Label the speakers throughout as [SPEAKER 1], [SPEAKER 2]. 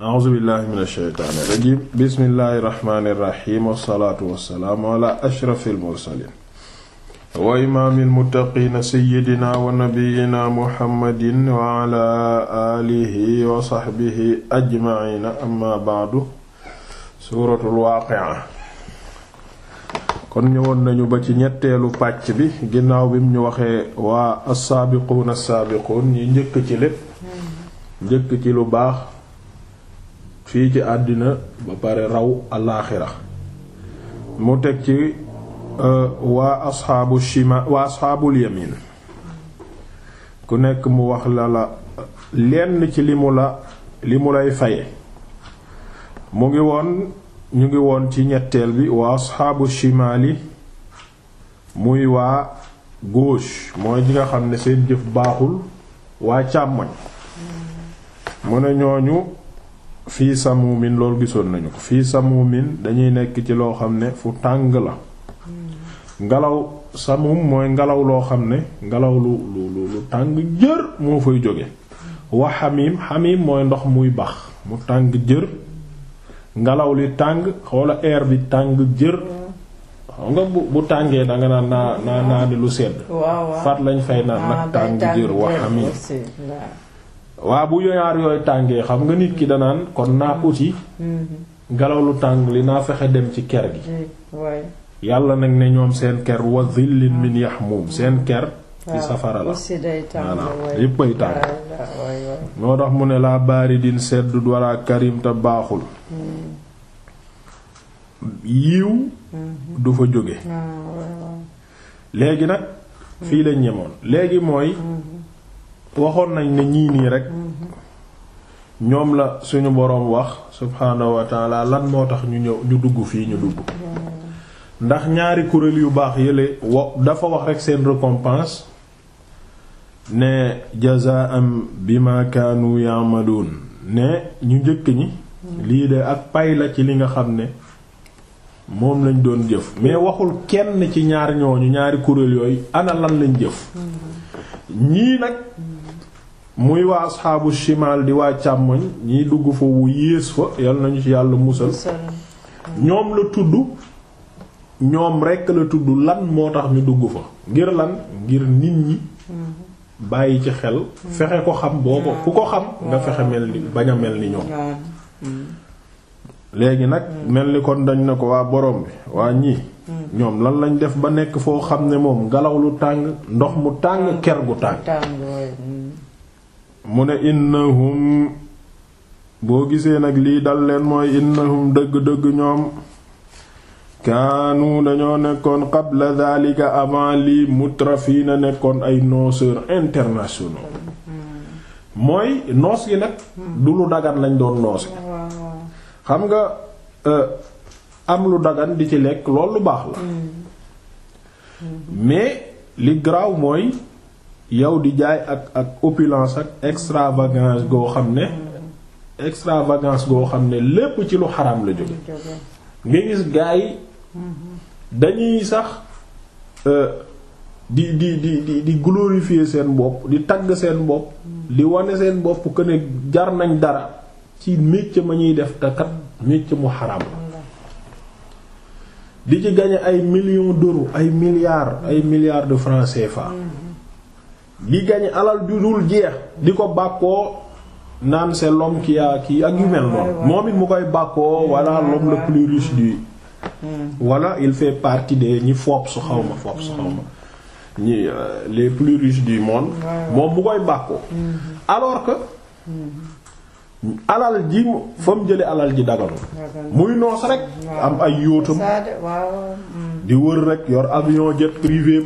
[SPEAKER 1] a'uuzu billahi min asheytaani irajim bismillahi irrahmani irrahim wassalaatu wassalaamu ala ashrafi almursalin wa imaami almuttaqiina seyidina wa nabiyina muhammadin wa ala alihi wa saxbihi ajmaina amma baadu suuratul waaqia kon ñëwoon nañu ba ci ñetteelu pàcc bi ginnaaw bi mu ñu waxee waa assaabiquuna assaabiquun ñi njëkk ci lépp njëkk ci lu baax fii ci àddina ba pare raw alaaxira mu teg ci euh, waa asxaabu shima waa asxaabul yamin ku nekk mu wax la lenn ci li mu la li mu lay faye mu ngi woon ñu ngi woon ci ñetteel bi waa asxaabu shimali muy waa gauche mooy ñi nga xam ne seen jëf baaxul waa càmmoñ mu ne ñooñu fii samumin loolu gisoon nañu ko fii samumin dañuy nekk ci loo xam ne fu tàng la ngelaw samum mooy ngelaw loo xam ne ngelaw lu lu lu tàng jër moo fay jóge wa xamim xamim mooy ndox muy bax mu tàng jër ngelaw li tàng xoola air bi tàng jër xam nga bu bu tàngee danga naa naa ni lu sedd faat lañ fay naan nag ah, tàng jër wa xamim waa bu yoyaar yooyu tàngee xam nga nit ki danaan kon naa uti ngelaw lu tàng li naa fexe dem ci ker gi
[SPEAKER 2] mm-hmm.
[SPEAKER 1] yàlla nag ne ñoom seen ker wa dhillin min yahmum mm-hmm. seen ker ci safara la
[SPEAKER 3] voilà yépp ay tàng
[SPEAKER 1] moo tax mu ne laa baaridin sedd walla karim baaxul mm-hmm. yiw du fa jóge
[SPEAKER 2] ah,
[SPEAKER 1] léegi nag fii lañ ñemoon léegi mooy waxoon nañ ne ñii nii rek ñoom la suñu boroom wax subhaanahu lan moo tax ñu ñëw ñu dugg fii ñu dugg ndax ñaari kuréel yu baax yële wo dafa wax rek seen récompense ne jazaa'an bima kaanu ya'malun ne ñu njëkk ñi lii de ak pay la ci li nga xam ne moom lañ doon jëf mais waxul kenn ci ñaar ñooñu ñaari kuréel yooyu ana lañ jëf ñii nag muy waa asxaabu shimal di waa càmmoñ ñiy dugg fa wu yées fa yal nañu ci yàlla musal ñoom la tudd ñoom rekk la tudd lan moo tax ñu dugg fa ngir lan ngir nit ñi mm-hmm. bàyyi ci xel mm-hmm. fexe ko xam boo ko ko xam nga mm-hmm. fexe mel ni bañ a ni ñoom léegi nag mel ni kon dañ ne ko waa boroom bi waa ñii ñoom lan lañ def ba nekk foo xam ne moom ngelaw lu tàng ndox mu tàng ker gu tàng mu ne innahum boo gisee nag lii dal leen mooy innahum dëgg-dëgg ñoom kaanu dañoo nekkoon qabla dhalika avant lii mutrafiina nekkoon ay noceurs internationaux mooy noos yi nag du lu dagan lañ doon noose xam nga euh, am lu dagan di ci lekk loolu lu baax la mm. Mm. mais li garaaw mooy yow di jaay ak ak opulence ak extravagance goo xam ne extravagance goo xam ne lépp ci lu xaram la jóge nga gis gaa yi dañuy sax euh, di di di di di glorifier seen bopp di tagg seen bopp di wane seen bopp que jar nañ dara ci métier ma ñuy def takat métier mu xaraam la di ci gañe ay millions d'euros ay milliards ay milliards de francs CFA mm-hmm. di gañe alal ju dul jeex di ko bàkkoo naan c'est l'homme qui a kii ak yu mel moom it mu koy bàkkoo walla l'homme le plus riche du walla hmm. il fait partie des ñi foop su xaw ma su xaw hmm. ñi euh, les plus riches du monde moom mu koy bàkkoo hmm. alors que alal ji fa mu jële alal ji daganul muy noos rek am ay yóotam di wër rek yor avion jet privé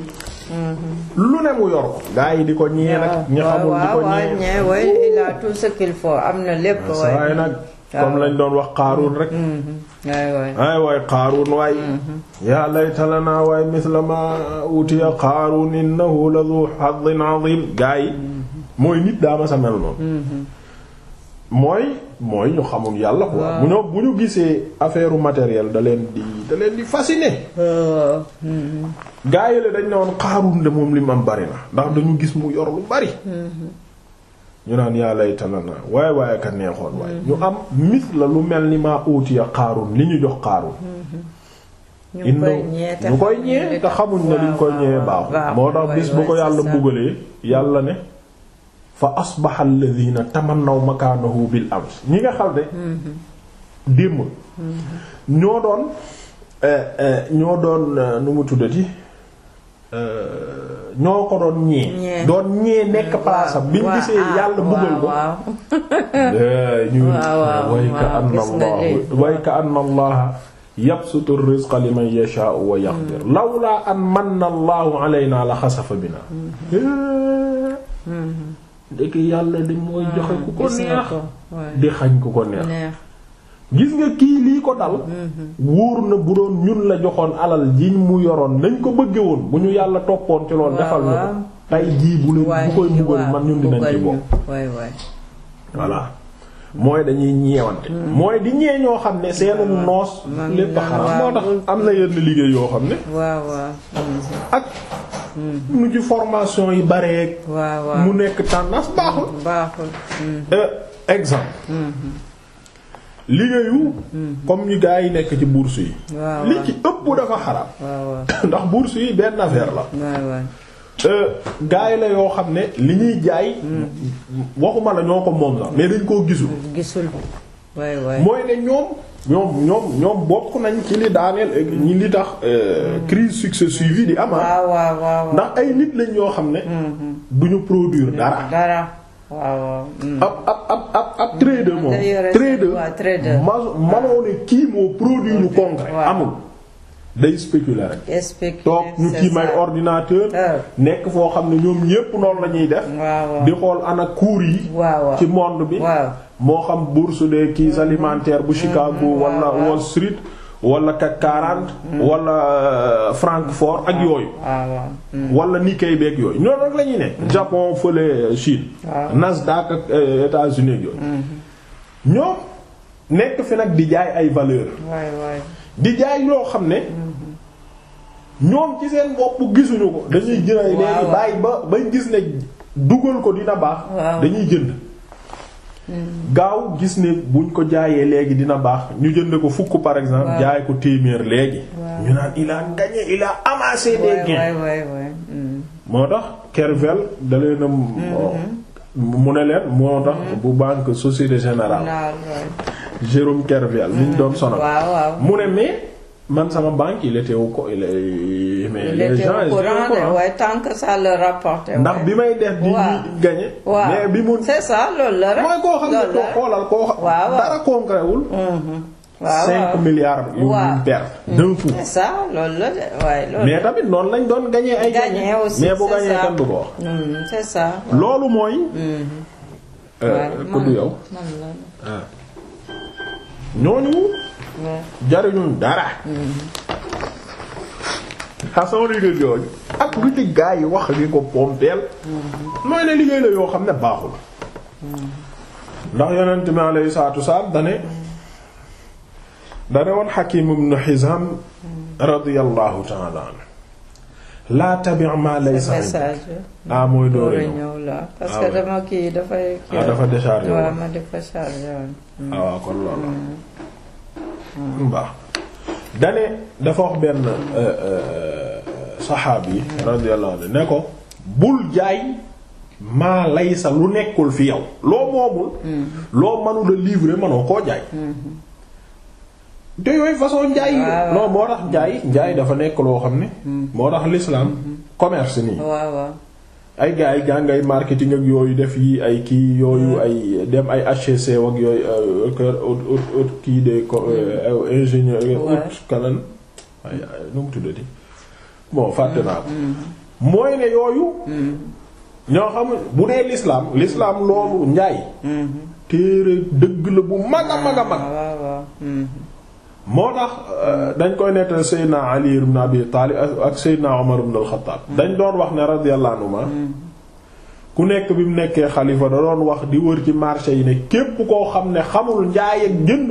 [SPEAKER 1] lu mu yor ko. yi di ko ñee nag. ñu xamul di ko ñee waaw waaw
[SPEAKER 3] il a tout ce qu'il faut am na lépp. waaye
[SPEAKER 1] nag comme lañ doon wax Qaaruun rek. Mm-hmm. ay waay Qaaruun way mm-hmm. yaa layta lanaa waay misla maa utiya Qaaruun innahu la zu hazzin azim gaa yi mm-hmm. mooy nit daa ma mooy mooy ñu xamul yàlla quoi bu ñu bu ñu gisee affaire matériel da leen di da leen di fasciné gaayale dañ ne woon Qaaruun moom li mu am bari na ndax dañu gis mu yor lu bari mm-hmm. ñu naan yàlla itala na waaye waaye ka neexoon waaye mm-hmm. ñu am mis la lu mel ni maa utiya Qaaruun li ñu jox Qaaruun
[SPEAKER 2] mm-hmm. ñu koy ñee te
[SPEAKER 1] xamuñ ne liñ koy ñëwee baaxul moo tax bis bu ko yàlla buggalee yàlla ne fa asbaha alladhina tamannaw makaanahu bil ams ñi nga xam ne mm-hmm. démb
[SPEAKER 2] mm-hmm.
[SPEAKER 1] ñoo doon eh, eh, ñoo doon eh, nu mu tuddati ñoo ko doon ñee doon ñee nekk mm-hmm. palaasam bi gisee ah, yàlla buggal ko ñu way ka anna allah way ka anna allah yabsutu rizqa liman yashaa lawla an manna allahu alayna la xasafa bina ndeke yàlla li mooy ah, joxe ku ko neex di xañ ku ko neex gis nga kii lii ko dal mm-hmm. wóor na bu doon ñun la joxoon alal ji mu yoroon nañ ko bëgge woon bu ñu yàlla toppoon ci loolu defal na ko tey jii bu leen bu koy mbugal man ñun dinañ ci bokk voilà mooy dañuy ñeewante mm-hmm. mooy di ñee ñoo xam ne seenu noos lépp xaram moo tax am na yenn liggéey yoo xam ne mm-hmm. ak nu mm-hmm. ci formation yi bareeg mu nekk tendance mm-hmm. baaxul baaxul mm-hmm. Euh, exemple liggéeyu comme ñu gaa yi nekk ci bourse yi li ci ëpp dafa xaraam ndax bourse yi benn affaire la euh, gaa yi la yoo xam ne li ñuy jaay waxuma la ñoo ko moom sax mais dañ koo gisul gisul mooy ne ñoom ñoom ñoom ñoom bokk nañ ci li daaneel eh, ñi li tax eh, crise successive yi di am ah. ndax ay nit lañ yoo xam ne mm, mm. duñu produire dara waaw mm. ab ab ab ab ab moom trader manoo ne kii moo produit lu concret amul day spéculer rek toog ñu kii may ordinateur euh. nekk foo xam ne ñoom ñépp noonu la ñuy def di xool ana cours yi ci monde bi moo xam bourse de kii alimentaire bu Chicago wala Wall Street wala CAC 40 wala euh, Francfort ak yooyu ah, ah, hmm. wala Nikkei beeg yooyu ñoom rek la ñuy ne hmm. Japon fële euh, Chine ah. Nasdaq ak euh, États-Unis yooyu hmm. ñoom nekk fi nag di jaay ay valeur di jaay yoo xam ne ñoom ci seen bopp gisuñu ko dañuy jënd léegi bàyyi ba bañ gis ne dugal ko dina baax dañuy jënd gaaw gis ne buñ ko jaayee léegi dina baax ñu jënd ko fukk par exemple. jaay ko téeméer léegi. ñu naan il a gagné il a amassé mm. moo tax Kervel da leen mm-hmm. mu ne leen moo tax. Mm-hmm. bu banque Société Générale. Jérôme Kervel liñ doon sonal. mu ne mais. man sama banque il wu ko co il est. mais il les gens ndax bi may def. di gagné. mais bi
[SPEAKER 3] mu. c'est ça loolu la rek. mooy koo xam ne
[SPEAKER 1] dara concret mm-hmm. cinq milliards. yu ñu perte. Mm. d'un c'est ça
[SPEAKER 3] loolu la de waaye loolu. mais tamit noonu lañ doon gagné ay.
[SPEAKER 2] gagné aussi mais bu gagné kan ko wax.
[SPEAKER 3] Mm,
[SPEAKER 1] loolu mooy. waaw mm-hmm. euh, man yow. Ah. ñooñu. jariñuñ dara xasan ah, ak lu ci wax li ko pompeel mooy ne liggéey la yoo xam ne baaxul ndax yonent bi alayhi salaatu wasalaam dane dane woon Hakim ibn Hizam radiyallahu ta'ala laa tabi ma laysa ah mooy door a ñëw la ah, parce
[SPEAKER 3] dama kii dafay kii ah, dafa décharger waaw ma décharger
[SPEAKER 1] waaw kon loolu baax mm-hmm. dane dafa wax benn euh, euh, saxaabi radiyallahu anhu ne ko bul jaay maa laysa lu nekkul fi yow loo moomul mm-hmm. loo mënula livrer mënoo koo jaay mm-hmm. te yooyu façon njaay non moo tax njaay njaay dafa nekk loo xam ne moo tax l'islam commerce nii ay gars yi jàng ay marketing ak yooyu def yi ay kii yooyu hmm. ay dem ay HEC ak yooyu kër euh, kii de hmm. euh, euh, ingénieur haute kanan ay nu mu tuddati bon fàtte hmm. naa
[SPEAKER 2] ko
[SPEAKER 1] mooy ne yooyu ñoo xam bu dee l'islam l'islam loolu njaay téere dëgg la bu mag a mag a mag ah, moo tax euh, dañ koy nettal Seydina Ali ibn Abi Taalib ak Seydina Omar ibn al-Khattab mm. dañ doon wax ne radiyallahu anhuma mm. ku nekk bi mu nekkee xalifa da doon wax di wër ci marché yi ne képp koo xam ne xamul njaay ak génn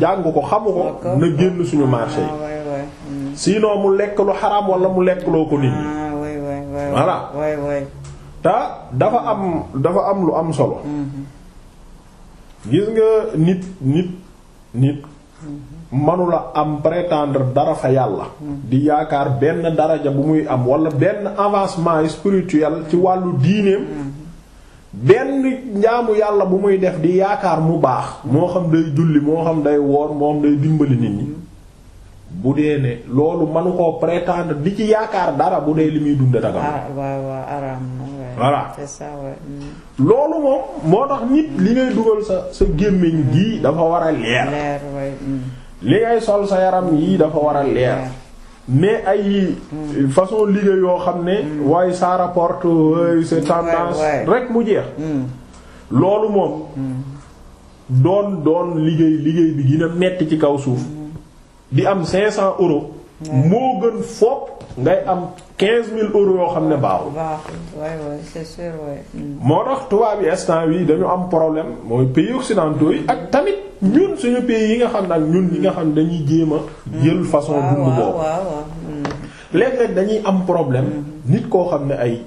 [SPEAKER 1] jàng ko xamu ko na génn suñu marché yi ah, mm. sinon mu lekk lu xaraam wala mu lekk loo ko nit ñi
[SPEAKER 2] ah,
[SPEAKER 3] voilà te
[SPEAKER 1] dafa am dafa am lu am solo mm-hmm. gis nga nit nit nit manula am prétendre dara fa yàlla di yaakaar benn daraja bu muy am wala benn avancement spirituel ci wàllu diineem benn njaamu yàlla bu muy def di yaakaar mu baax moo xam day julli moo xam day woor moo xam day dimbali nit ñi bu dee ne loolu manu koo prétendre di ci yaakaar dara bu dee li muy dund daga
[SPEAKER 3] ah, voilà c'est mm.
[SPEAKER 1] loolu moom moo tax nit li ngay dugal sa sa gémmiñ gii dafa war a leer mm. li ngay sol sa yaram yii dafa war a leer mais ay mm. façon liggéey yoo xam ne waaye ça rapporte waaye c'est tendance rek mu jeex loolu moom doon doon liggéey liggéey bi gën metti ci kaw suuf di am 500 euros moo gën fopp ngay am quinze mille euros yoo xam ne baaxul. baaxul
[SPEAKER 3] waay waay c'est
[SPEAKER 2] hmm.
[SPEAKER 1] moo tax tubaab yi instant bii dañu am problème mooy pays occidentaux yi ak tamit ñun suñu pays yi nga xam ne ak ñun yi nga xam ne dañuy jéema a. Hmm. jël façon dund boobu hmm. léeg-léeg dañuy am problème nit koo xam ne ay.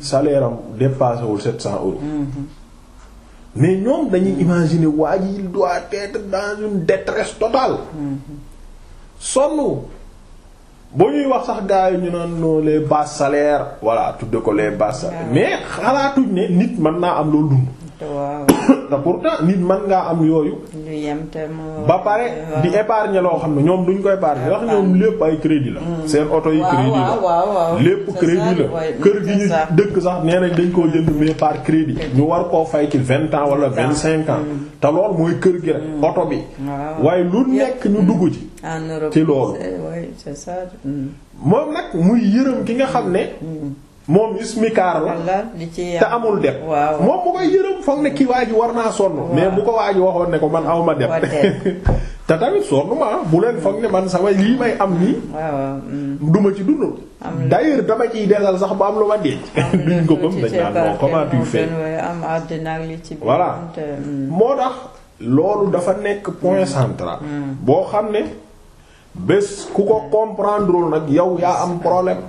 [SPEAKER 1] salaire am dépassé wul sept cent euros. mais ñoom dañuy imaginer waa ji il doit dans une détresse totale. sonn. boo ñuy wax sax gars yi ñu naan non les bas salaires voilà tudde ko les bas salaires mais xalaatuñ ne nit mën naa am loolu dund. waaw te pourtant nit man ngaa am yooyu. ba pare di épargne loo xam ne ñoom duñ ko épargne wax ñoom lépp ay crédit la. Mm. seen oto yi crédit la lépp crédit la kër gi ñu dëkk sax nee nañ dañ koo jënd mais par crédit. Mm. ñu war koo fay ci vingt ans wala vingt cinq ans. Mm. te lool mooy kër gi rek oto bi. waaye lu nekk ñu dugg ci. ci loolu. c'est ça. Mm. moom nag muy yërëm ki nga xam ne. Mm. Mm. moom ismikaar la
[SPEAKER 3] te amul dem moom
[SPEAKER 1] mu koy yërëm foog ne kii waa ji war naa sonn mais bu ko waa ji waxoon ne ko man aw ma dem te tamit sonn ma bu leen foog ne man sama lii may am nii du ma ci dund d'ailleurs dama ciy desal sax bu am lu ma denc duñ ko gëm dañ
[SPEAKER 3] naan non moo tax
[SPEAKER 1] loolu dafa nekk point central boo xam ne bés ku ko comprendre nag yow yaa am problème.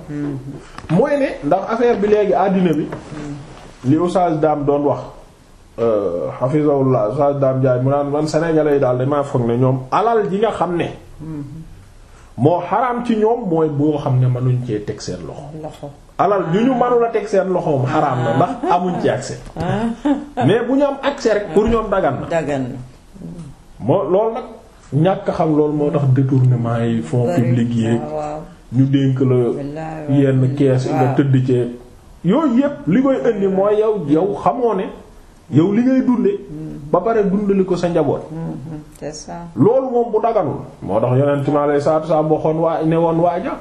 [SPEAKER 1] mooy ne ndax affaire bi léegi àddina bi. li Oustaz Dame doon wax. Euh, la Oustaz Dame Ndiaye mu naan man sénégalais yi daal damaa foog ne ñoom alal yi nga xam ne. moo xaraam ci ñoom mooy boo xam ne mënuñ cee teg seen
[SPEAKER 2] loxo.
[SPEAKER 1] alal yu ñu mënul a teg seen loxoom xaraam na ndax amuñ ci accès. Ah. mais bu ñu am accès rek pour ñoom dagan na. dagan na moo loolu nag. ñàkk xam loolu moo tax détournement yi fonds publics yeeg ñu dénk la
[SPEAKER 3] yenn kees nga
[SPEAKER 1] tëdd ci yooyu yépp li koy indi mooy yow yow xamoo ne yow li ngay dunde mm. ba pare dundali ko sa njaboot
[SPEAKER 3] mm-hmm. c'est ça
[SPEAKER 1] loolu moom bu daganul moo tax yeneen mi alayhi salaatu salaam waxoon waa ne woon waaja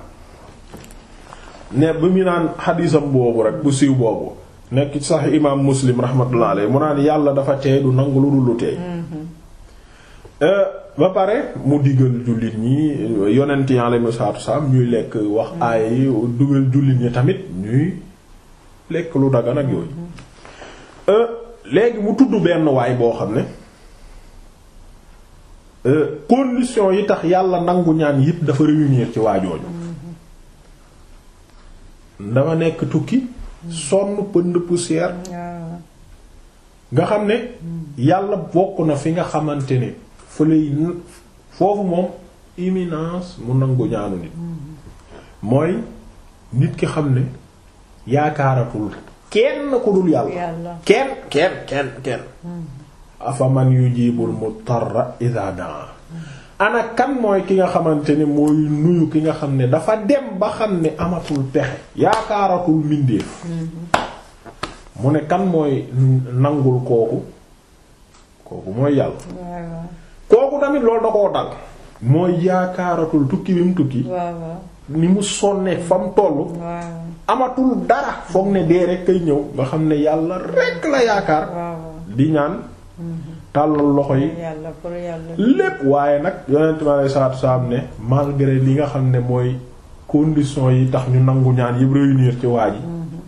[SPEAKER 1] ne bi mu naan xadisam boobu rek bu siiw boobu nekk ci sax imaam muslim rahmatullah alayhi mu naan yàlla dafa teey du nangu lu dul lu teey mm-hmm. euh, ba pare mu digal jullit ñi yonent yi alayhi salaatu ñuy lekk wax aaya yi dugal jullit ñi tamit ñuy lekk lu dagan ak yooyu euh, léegi mu tudd benn waay boo xam ne euh, condition yi tax yàlla nangu ñaan yépp dafa réunir ci waajooju dama nekk tukki sonn pënd poussière nga xam ne yàlla bokk na fi nga xamante ne fëlay foofu moom imminence mu nangu ñaanu nit mooy nit ki xam ne yaakaaratul kenn ko dul yàlla kenn kenn kenn kenn mm-hmm. afaman yujibul mutarra idha daa ana kan mooy ki nga xamante ne mooy nuyu ki nga xam ne dafa dem ba xam ne amatul pexe yaakaaratul mbindeef
[SPEAKER 2] mm-hmm.
[SPEAKER 1] mu ne kan mooy nangul kooku kooku mooy
[SPEAKER 2] yàlla
[SPEAKER 1] kooku tamit loolu da koo dal mooy yaakaaratul tukki bi mu tukki ni mu sonnee fa mu toll amatul dara foog ne dee rek kay ñëw nga xam ne yàlla rek la yaakaar di ñaan
[SPEAKER 2] mm-hmm.
[SPEAKER 1] tàllal loxo yi lépp waaye nag yonent mi alayhi salaatu salaam ne malgré li nga xam ne mooy condition yi tax ñu nangu ñaan yëpp réunir ci waa ji mm-hmm.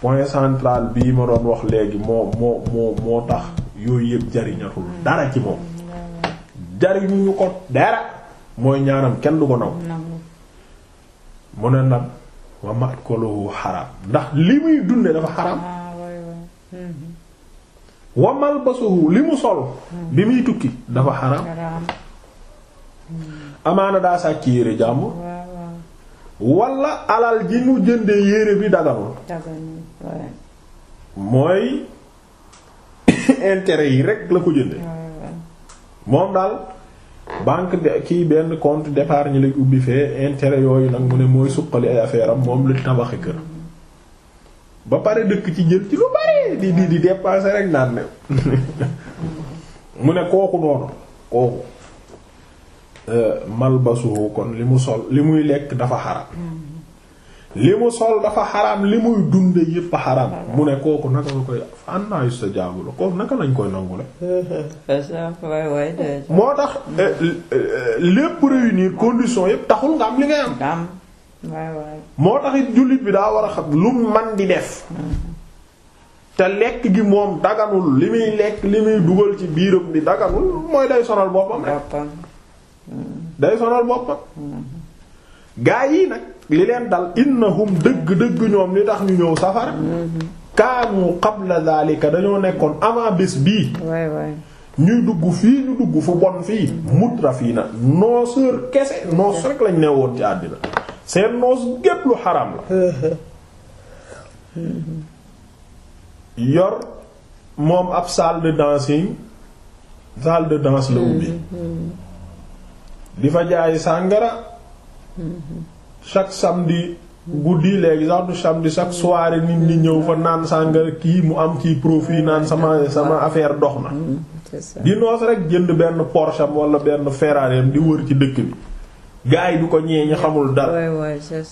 [SPEAKER 1] point central bii ma doon wax léegi moo moo moo tax yooyu yëpp jariñatul mm-hmm. dara ci moom jariñu ñu ko dara mooy ñaanam kenn du ko naw mu ne nag wa matkuluhu xaraam ndax li muy dunde dafa xaraam
[SPEAKER 2] ah, mhm.
[SPEAKER 1] wa malbasuhu li mu sol mhm. bi muy tukki dafa xaraam mhm. amaana daa sàcc yére jàmbur wala alal ji mu jënde yére bi daganul mooy intérêt yi rekk la ko jënde moom daal banque de kii benn compte d'épargne la ubbi fee intérêt yooyu nag mu ne mooy suqali ay affaire am moom la tabaxi kër ba pare dëkk ci jël ci lu bare di di di dépenser rek naan ne mu ne kooku noonu kooku euh, malbasuhu kon li mu sol li muy lekk dafa xaram mm. li mu sol dafa xaraam li muy dunde yépp a mu ne kooku naka la koy ànnaa yustajaabu la kooku naka lañ koy nangu
[SPEAKER 3] la moo
[SPEAKER 1] tax eh, eh, lépp réunir condition yépp taxul am li ngay jullit bi daa war a xam lu man di def te lekk gi moom daganul li muy lekk li muy dugal ci biiram bi daganul mooy day sonal boppam rek day sonal boppam mm-hmm. gaa yi nag li leen dal innahum dëgg dëgg ñoom li tax ñu ñëw safara kaanu qabla zalika dañoo nekkoon avant bés bii ñuy dugg fii ñu dugg fu bon fii mutrafiina nooseur kese noos rek lañ ne woon ci àddina seen noos gépp lu xaram la yor moom ab salle de dancing salle la ubbi di fa jaay sàngara chaque samedi guddi léegi sax du samedi chaque soirée nit ñi ñëw fa naan sàngara kii mu am ci profit naan sama sama affaire dox na
[SPEAKER 2] mm, di
[SPEAKER 1] noos rek jënd benn Porsche am wala benn Ferrari di wër ci dëkk bi gaay yi ko ñee ñi xamul dara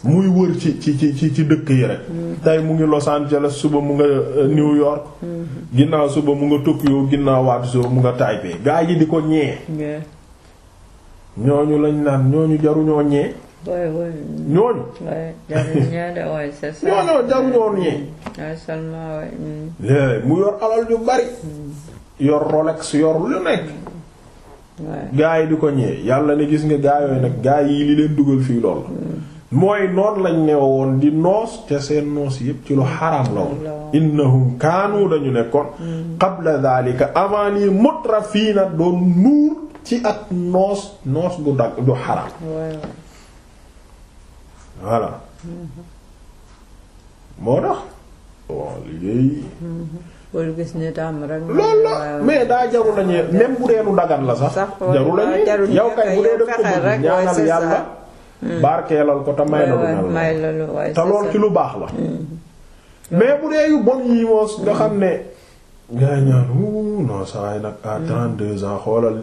[SPEAKER 1] muy wër ci ci ci ci dëkk yi rek mm. tey mu ngi Los Angeles suba mu nga euh, New York mm. ginnaaw suba mu nga Tokyo ginnaaw waat suba mu nga Taipei gaay yi di ko ñee ñooñu lañ naan ñooñu jaruñoo ñee ñooñu. non non
[SPEAKER 3] jaruñoon ñee.
[SPEAKER 1] léegi mu yor alal yu bari. Mm. yor Rolex yor lu nekk. gaa di ko ñee yàlla ne gis nga gaa yooyu nag gaa yi li leen dugal fii lool. Mm. mooy noon lañ ne woon di noos ca seen noos yépp ci lu xaraam la woon innahum kaanu dañu nekkoon mm. qabla dhalika avant lii mutrafiina doon nuur ci ak noos noos bu dagg du xaraam voilà moo tax bon liggéey
[SPEAKER 3] loolu gis ne tàmm rek. loolu la mais
[SPEAKER 1] daa jarul la ñee même bu dee lu la sax. jarul la ñee kay bu dee def ko yàlla. Hmm. barkeelal ko te ci lu baax la. Hmm.
[SPEAKER 3] mais bu dee yu nga
[SPEAKER 1] hmm. xam ne. gars yi ñaan non saa yi nag à 32 ans xoolal.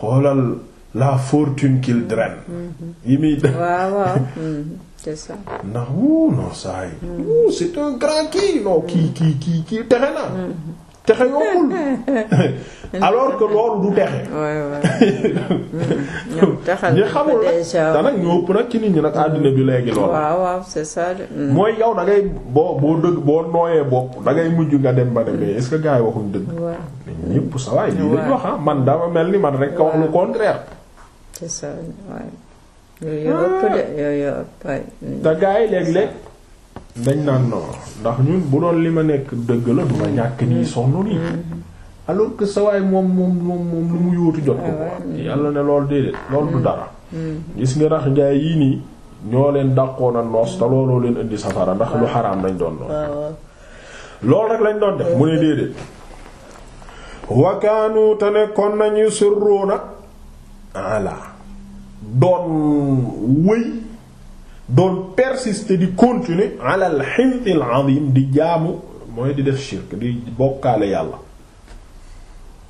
[SPEAKER 1] xoolal. la fortune qu'il draine. Mm-hmm. yi muy def waaw waaw mm-hmm. ndax wuu non saa yi. Mm-hmm. c'est un grand kii non kii kii kii kii texe na. texe yombul. alors que loolu du texe. ñoom texe la ñu xamul nag ñu ëpp nag ci nit ñi nag àddina bi léegi lool. mooy yow da ngay boo boo dëgg boo nooyee bopp da ngay mujj nga dem ba demee est-ce que gars yi waxuñ dëgg.
[SPEAKER 2] waaw
[SPEAKER 1] sa waay lii lañ wax ah, man dama mel ni man rek ka wax lu contraire. c'est ça ouais. dañ naan non ndax ñun bu doon li ma nekk dëgg la du ma ñàkk nii sonn nii alors que sa waay moom moom moom moom lu mu yóotu jot ko quoi yàlla ne loolu déedéet loolu dara gis nga rax njaay yii nii ñoo leen dàqoon a noos te looloo leen indi safara ndax lu xaraam lañ doon doon loolu rek lañ doon def mu ne déedéet wakaanu te nekkoon nañu sirruuna ala doon wëy doon persister di continuer alal xintil azim di jaamu mooy di def shirk di bokkaale yàlla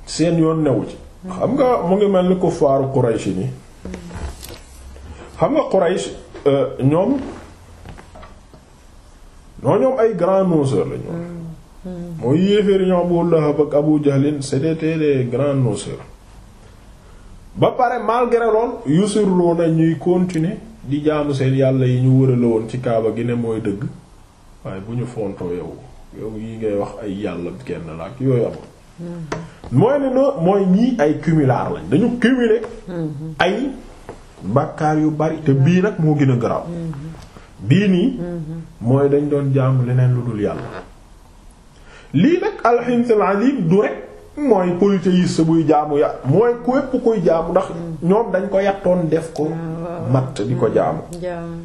[SPEAKER 1] seen yoon newu ci xam nga mu ngi mel ni ko faaru Quraysh ni xam nga Quraysh euh, ñoom noo ñoom ay grands noceurs la ñoom mm. mm. mooy yéeféer ñoom Abu Lahab ak Abu Jahlin c'était des grands noceurs ba pare malgré lool yusurloo na ñuy continuer di jaamu seen yàlla yi ñu wërale woon ci kaaba gi ne mooy dëgg waaye bu ñu fontoo yow yi ngay wax ay yàlla kenn la ak yooyu amul mm-hmm. mooy ne no mooy ñii ay cumulard lañ dañu cumuler mm-hmm. ay bàkkaar yu bari te bii nag moo gën a garaaw mm-hmm. bii nii mooy dañ doon jaamu leneen lu dul yàlla lii nag alxinsil azim du rek mooy polythéiste buy jaamu ya mooy képp kuy jaamu ndax ñoom dañ ko yattoon def ko ah, matt di ko mm, jaamu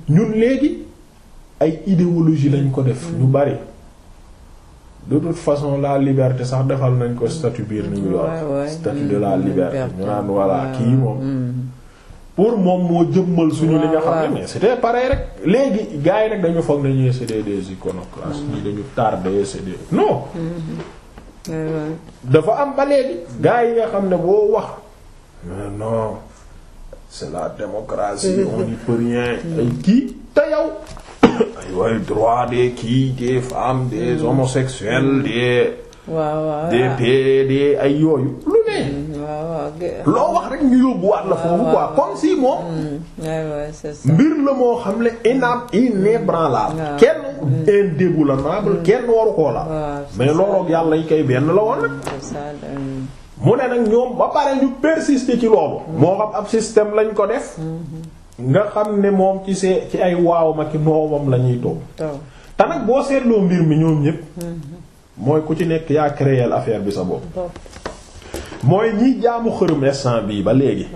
[SPEAKER 1] ñun léegi ay idéologie lañ ko def ñu bari de toute façon la liberté sax defal nañ ko statut biir New York statut de mm, la liberté ñu naan voilà kii moom mm. pour moom moo jëmmal suñu li nga xam ne mais c'était pareil rek léegi gars yi nag dañu foog nañuy c'est des iconoclastes ñi dañu tardé c'est des dafa am ba léegi gaa yi nga xam ne boo wax non c'est la démocratie on n'y peut ay kii te yow ay waaye droit des kii des femmes des mm. homosexuels des waaw waaw ay yooyu
[SPEAKER 3] lu ne. Mm, loo
[SPEAKER 1] wax rek ñu yóbbuwaat la foofu quoi comme si
[SPEAKER 3] mm,
[SPEAKER 1] mbir la moo xam ne inam inébranlable. kenn mm. indéboulonnable kenn waru la. mais looloo yàlla yi kay benn la woon nag. mu ne nag ñoom ba pare ñu persister ci loolu. moo xam ab système lañ ko def. Mm-hmm. nga xam ne moom ci see ci ay waawam ak i noowam la ñuy toog. te nag boo seetloo mbir mi ñoom ñépp. Mm-hmm. mooy ku ci nekk yaa créer affaire bi sa bopp. mooy ñiy jaamu xërëm instant bii ba léegi.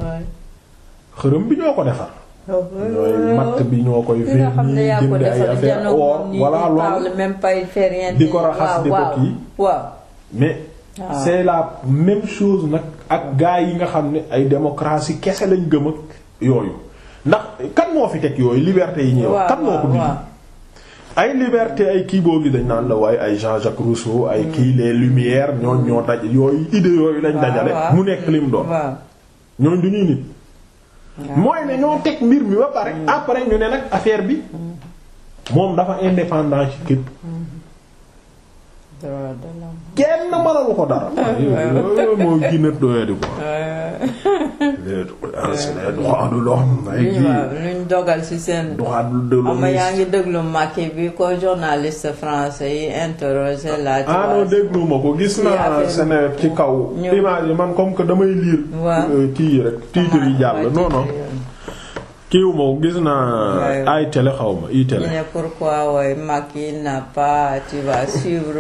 [SPEAKER 1] xërëm bi ñoo ko defar.
[SPEAKER 2] ñooy matt
[SPEAKER 1] bi ñoo koy. fi nga xam ne yaa ko defar jëndoo
[SPEAKER 3] moom di ko raxas di ko kii.
[SPEAKER 1] mais. Ah. c'est la même chose nag ak gaa yi nga xam ne ay démocratie kese lañ gëm ak yooyu ndax kan moo fi teg yooyu liberté yi ñuy wax. kan moo ko bind. ay liberté ay kii boobu dañ naan la waaye ay Jean-Jacques Rousseau ay hmm. kii les lumière ñooñ ñoo daj yooyu idée yooyu lañ dajale mu nekk lim doon ñooñ du ñuy nit mooy ne ñoo teg mbir mi ba pare hmm. après ñu ne nag affaire bi hmm. moom dafa indépendant ci képp
[SPEAKER 3] kenn mënalu ko dara. Ah,
[SPEAKER 1] moo gën doyadi quoi. Ah. droit de l'homme
[SPEAKER 3] dogal ci seen.
[SPEAKER 1] droit de l'homme ama yaa ngi
[SPEAKER 3] déglu Macky bi ko journaliste français yi interrogé laaj. ah non
[SPEAKER 1] déglu ma ko gis naa Sénégal ci kaw. image yi man comme que damay lire. Euh, kii yi rek titre yi jàll ah, non kiiw moom gis naa ay télé xaw ma i télé.
[SPEAKER 3] pourquoi waaye Macky n'a pas tu vas suivre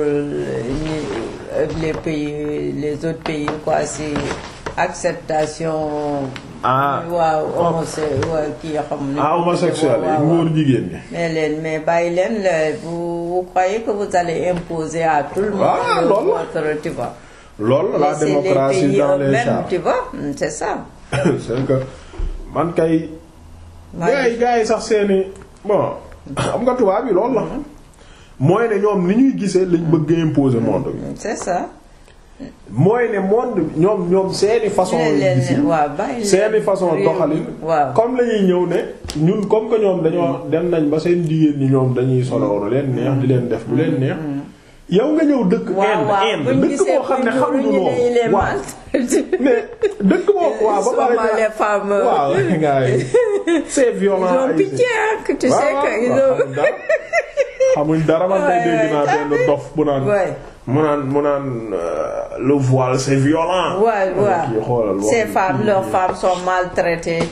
[SPEAKER 3] les pays les autres pays quoi c'est acceptation. ah waaw homose waaw kii xam. ah homosexuel yi góor jigéen ñi. mais leen mais bàyyi leen la vous croyez que vous allez imposer à tout le monde. ah loolu votre tu vois.
[SPEAKER 1] la démocratie dans les chars.
[SPEAKER 3] c'est
[SPEAKER 1] les pays eux gaa yi yi sax seeni bon xam nga tubaab yi loolu la mm-hmm. mooy ne ñoom ni ñuy gisee lañ bëgg imposer mm-hmm. monde bi. c'est ça. mooy ne monde bi ñoom ñoom seeni façon yu
[SPEAKER 3] gis seeni façon
[SPEAKER 1] doxalin comme la ñuy ñëw ne ñun comme que ñoom dañoo mm-hmm. dem nañ ba seen jigéen ñi ñoom dañuy solo lu leen neex di leen def lu leen neex yow nga ñëw dëkk. waaw waaw dëkk boo xam ne xamuñu moom waaw mais dëkk boobu. waaw ba pare waaw les femmes. waaw euh, c'est violent. ils ont pitié tu sais que ils ont. dara man day dégg benn dof bu naan. mu naan mu naan euh, le voile c'est violent. waaw waaw ces femmes leurs femmes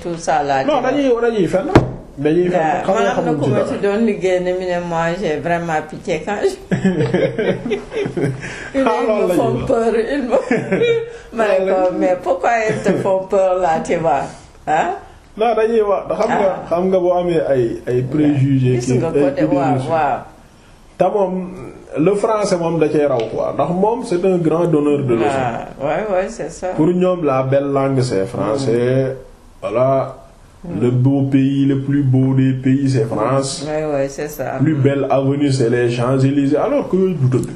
[SPEAKER 3] tout ça là. non dañuy dañuy fenn. dañuy xam nga xam nga ma ci doon liggéey ne mi ne moi j'ai vraiment pitié quand je. ils me font peur ils me. ma ne ko mais pourquoi ils te peur là tu vois ah. dañuy wax xam nga ah.
[SPEAKER 1] xam nga boo amee ay ay préjugés. gis nga côté waaw waaw. moom le français moom da cee raw quoi ndax moom c'est un grand donneur de ah, leçons.
[SPEAKER 3] waaw waaw c'est ça. pour
[SPEAKER 1] ñoom la belle langue c'est français mm. voilà. le beau pays le plus beau des pays c'est France. plus belle avenue c'est les Champs-Élysées alors que yooyu du dëgg.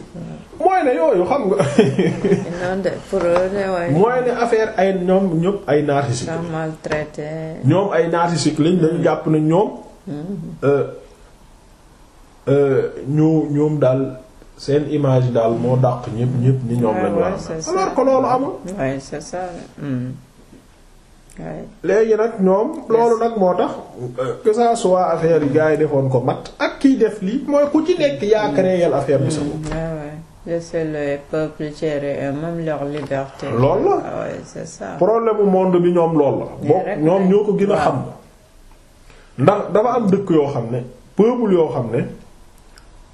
[SPEAKER 3] mooy ne yooyu xam nga. non
[SPEAKER 1] ne affaire ay ñoom ñëpp ay narcissique.
[SPEAKER 3] maltraité.
[SPEAKER 1] ñoom ay narcissique lañ dañu jàpp na ñoom. Mm-hmm. Euh, euh, ñoom daal seen image daal moo dàq ñëpp ñëpp ni ñoom lañu. alors que loolu amul. léegi nag ñoom loolu nag moo tax que ça soit affaire yi gars yi defoon ko mat ak kiy def lii mooy ku ci nekk yaa créé affaire bi sa bopp. Mm,
[SPEAKER 3] je suis le peuple euh, la ah
[SPEAKER 1] problème mu monde bi ñoom lool la. bokk ñoom ñoo ko gën a xam. ndax dafa am dëkk yoo xam ne peuple yoo xam ne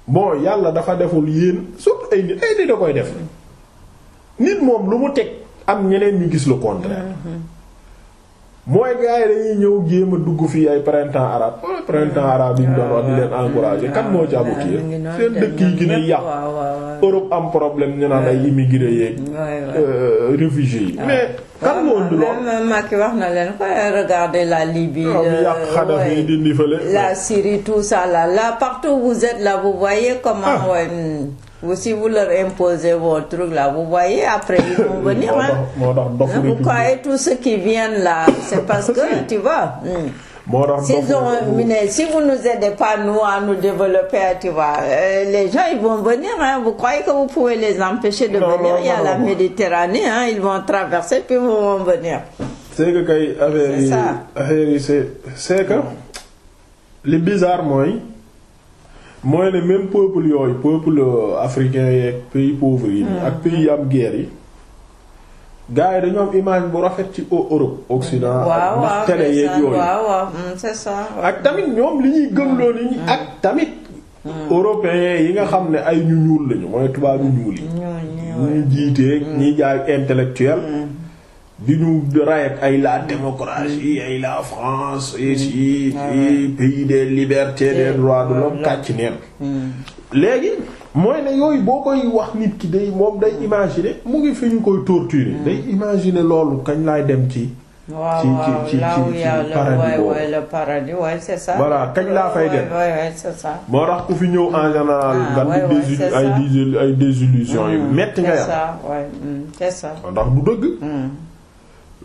[SPEAKER 1] bon yàlla dafa deful yéen surtout ay nit ay nit da koy def mm. nit moom lu mu teg am ñeneen ñu gis le contraire. Mm-hmm. mooy gars yi dañuy ñëw jéem a dugg fii ay printemps arabe oh, printemps arabe yi ñu doon wax di leen encourager kan moo ci ah, aboutir seen dëkk yi gën a yàq Europe am problème ñu naan ay immigré yeeg
[SPEAKER 3] euh,
[SPEAKER 1] réfugié yi
[SPEAKER 2] mais kan moo
[SPEAKER 3] ah, indi lool même Macky wax na leen ko regardez la Libye ah, yàq euh, Kadhafi yi dindi fële la Syrie tout ça là là partout vous êtes là vous voyez comment vous si vous leur imposez vos trucs là vous voyez après ils vont venir hein
[SPEAKER 1] pourquoi
[SPEAKER 3] et tous ceux qui viennent là c'est parce que tu vois hmm. moo tax si vous nous aidez pas nous à nous développer tu vois euh, les gens ils vont venir hein vous croyez que les empêcher de non, a la Méditerranée hein ils vont puis vous vont venir.
[SPEAKER 1] c'est que kay affaire li bizarre mooy. mooy ne même peuple yooyu peuple euh, africain yeeg pays pauvres yi ak mm. pays am guerre yi gars yi dañoom am image bu rafet ci Europe Occident mm. ndax télé yeeg yooyu
[SPEAKER 3] mm,
[SPEAKER 1] ak tamit ñoom li ñuy gëmloo ni ak tamit européens yi nga xam ne ay ñu ñuul lañu mooy tubaab ñu ñuul yi ñu jiitee ñi jaay intellectuel di ray ak ay la démocratie ay la France ici mm. ah pays des libertés des mm. droits de l'homme mm. kàcc neen léegi mooy ne yooyu boo koy wax nit ki day moom day imaginer mu ngi fi ñu koy torturer day imaginer loolu kañ laay dem ci
[SPEAKER 3] waaw waaw ci ci ci paradis boobu c'est ça voilà kañ laa fay dem
[SPEAKER 1] moo tax ku fi ñëw en général ah, nga di des ay des ay désillusions yu metti nga
[SPEAKER 3] yam ndax
[SPEAKER 1] du dëgg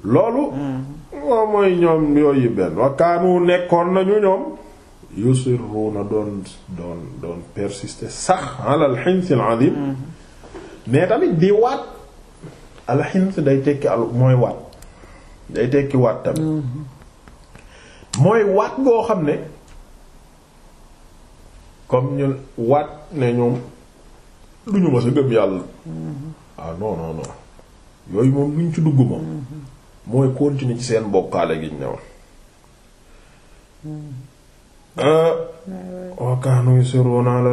[SPEAKER 1] loolu moom mooy ñoom yooyu benn wakaanu nekkoon nañu ñoom yusirruuna doon doon doon persister sax ala alxins aladim mais tamit di waat alxins day tekki al mooy waat day tekki waat tamit mooy waat goo xam ne comme ñu waat ne ñoom du ñu mës a gëm yàlla mm-hmm. ah non yooyu moom luñ ci dugg moom mm-hmm. mooy continuer ci seen bokkaale gi ñu newoon ah, wa kaanu yusirruuna ala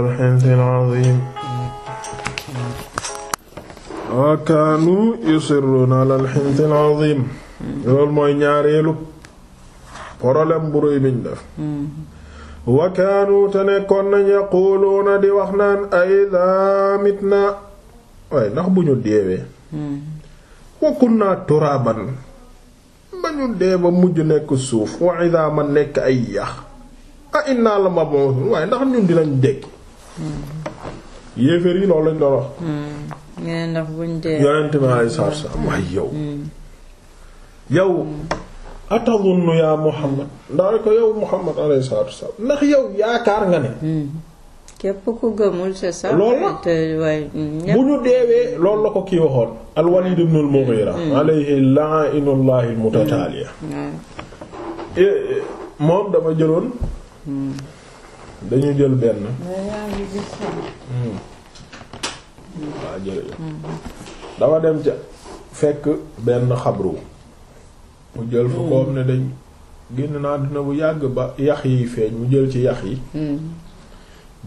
[SPEAKER 1] al-hirthi al-azim wa mooy ñaareelu problème bu rëy biñ def wa kaanu te nekkoon yaquluuna di wax naan a idaa mitna waaye ndax bu ñu deewee hmm. wa kunna turaaban ba ñu dee ba mujj nekk suuf wa ida ma nekk ay yax a inna la mab'uthun waaye ndax ñun dinañ dekki yéeféer yi loolu lañ doon wax
[SPEAKER 3] ngeen hmm. ndax buñ dee yonente mi alayhi hmm. waaye yow hmm.
[SPEAKER 1] yow atadunnu yaa Muhammad ndax ko yow Muhammad alayhi salaatu ndax yow yaakaar nga ne
[SPEAKER 3] képp ku gëmul c'est ça. loolu
[SPEAKER 1] bu ñu deewee loolu la ko kii waxoon. al-Walid ibn al-Mughira. Mm. alayhi la'inatullahi al-mutataliya.
[SPEAKER 2] Mm. Eh, eh,
[SPEAKER 1] moom dama jëloon. Mm. dañu jël benn. dama dem ca fekk benn xabru. mu jël fu koom ne dañ génn naa dina bu yàgg ba yax yi feeñ mu jël ci yax yi.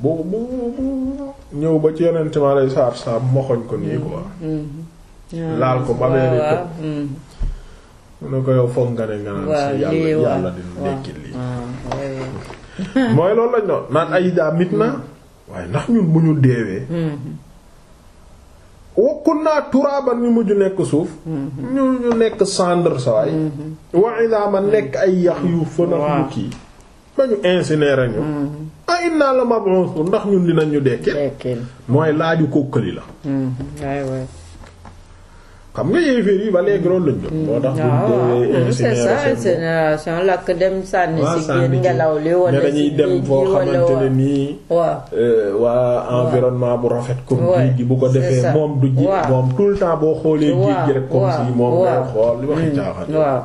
[SPEAKER 1] boobu boobu ñëw ba ci yeneen ma lay saar moxoñ ko nii quoi.
[SPEAKER 2] Mm-hmm. Mm-hmm. laal ko ba weer yi mm-hmm.
[SPEAKER 1] mu ne ko yow foog nga ne nga naan si yàlla dina nekki
[SPEAKER 2] lii ah,
[SPEAKER 1] mooy loolu lañ doon naan ay mit na waaye ndax ñun bu ñu deewee wokkut naa turaaban ñu mujj nekk suuf ñu ñu nekk cendre sa waay wa idaa ma nekk ay yax yu fënax yu kii ba ñu incinéré ñu mm-hmm. a ah, inna la mab'uthun ndax ñun dinañ ñu dekkil mooy laaju kókkali la mm-hmm. xam nga yéeféer yi ba léegi loolu lañ doon. moo tax buñ
[SPEAKER 2] mm-hmm. dee ah,
[SPEAKER 1] c'est ça
[SPEAKER 3] incinération lakk dem sànni si biir ngelaw li wala dañuy dem foo xamante
[SPEAKER 1] ne nii. waaw euh, waa environnement bu rafet. comme géej gi bu ko defee moom du ji. moom tout le xoolee. géej rek comme si moom ngay xool li waxi mm. caaxaan.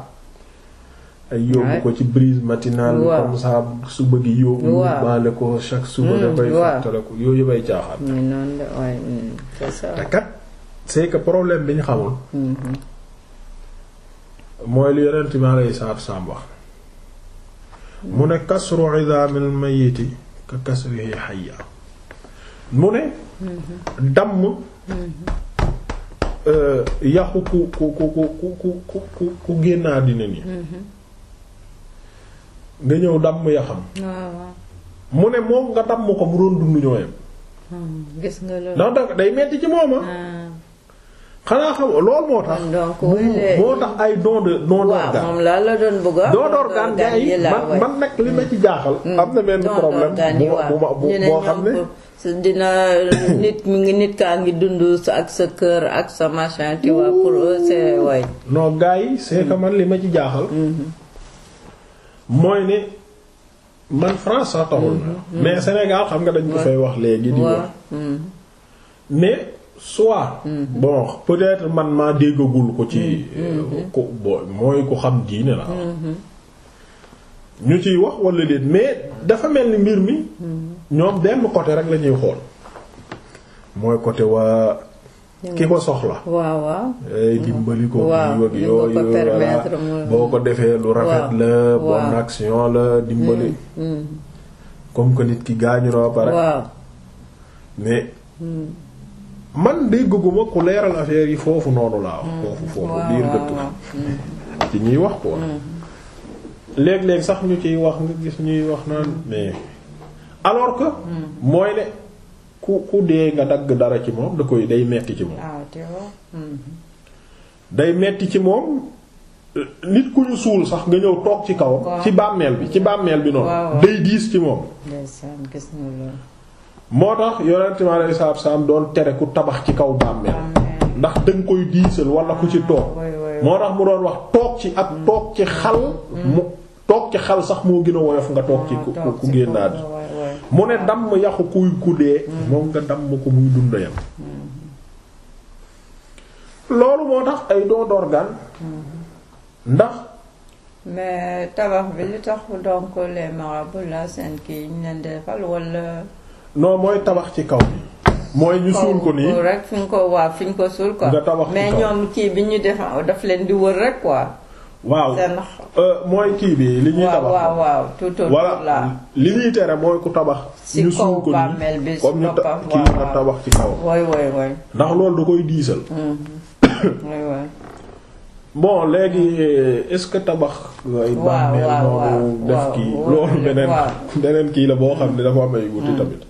[SPEAKER 1] ay ko ci brise matinale comme ça suba gi yóbbu baale ko chaque suba da koy hmm,
[SPEAKER 3] hmm,
[SPEAKER 1] te kat c'est que problème bi ñu xamul mm-hmm. mooy li yonent bi alayhi salaatu salaam wax mu ne kasru idaamil mayiti ka mu ne mm-hmm. damm mm-hmm. Euh, yaxu ku ku ku ku ku ku ku génn àddina nii nga ñëw damm yaxam mu ne moom nga damm ko bu doon dund ñooyam
[SPEAKER 2] hmm, gis nga loolu ndax day metti
[SPEAKER 1] ci mooma ah. ah. xanaa xam loolu moo tax moo tax
[SPEAKER 3] moom la la doon bëgg don d'organe gars yi man
[SPEAKER 1] man li ma ci jaaxal hmm. am na benn problème bu ma bu boo xam
[SPEAKER 3] ne dina nit mi ngi nit kaa ngi dund ak sa kër ak sa machin tu pour eux c'est way
[SPEAKER 1] non yi c'est que man li ma ci jaaxal hmm. mooy ne man France sax taxul na mm-hmm. mais Sénégal xam nga dañ ko fay wax léegi di wax mm. mais soit mm-hmm. bon peut-être man maa déggagul ko ci
[SPEAKER 2] mm-hmm. euh,
[SPEAKER 1] ku mooy ku xam diine la ñu ciy wax wala déet mais dafa mel ni mbir mi ñoom benn côté rek la ñuy xool mooy côté waa ki ko soxla.
[SPEAKER 2] waaw waaw.
[SPEAKER 1] Eh, dimbali ko. waaw yooyu boo ko defee lu rafet la. bonne action la dimbali. Mm, mm. comme que nit ki gaañu na pare. waaw mais. Mm. man leeral affaire yi foofu noonu laa wax. foofu foofu biir
[SPEAKER 2] dëkk.
[SPEAKER 1] ci ñuy wax ko léeg-léeg sax ñu ci wax nga gis ñuy wax naan mais alors que. mooy ne. ku ku dee nga dagg dara ci moom da koy day metti ci moom ah, mhm. day metti ci moom nit ku ñu suul sax nga ñëw toog ci kaw ci bàmmeel bi ci bàmmeel bi noonu day diis ci moom moo tax yonent mi alayhi salaatu salaam doon tere ku tabax ci kaw bàmmeel ndax danga koy diisal wala ku ci ah, toog moo tax mu doon wax toog ci ak mm. toog ci xal mm. mu toog ci xal sax moo gën a woyof nga toog ci ah, ku ku génn àddina mu ne damm yaxu kuy ku dee moom nga damm ko muy dund yam loolu moo tax ay don d'organe ndax
[SPEAKER 3] mais tabax bi li tax donc les marabouts la seen kii ñu leen di defal wala
[SPEAKER 1] non mooy tabax ci kaw mooy ñu suul ko nii rek
[SPEAKER 3] fi ñu ko waa fi ñu ko suul quoi nga tabax mais ñoom kii bi ñu def daf leen di wër rek quoi
[SPEAKER 1] waaw euh, mooy kii bi li ñuy tabax waaw waaw voilà li ñuy tere mooy ku tabax ñu suul ko nii comme ñu kii nga tabax ci kaw ndax loolu da koy diisal
[SPEAKER 2] mm-hmm.
[SPEAKER 1] bon léegi euh, est-ce que tabax yooyu bàmmeel def kii loolu beneen beneen kii la boo xam ne dafa am ay wuti mm. tamit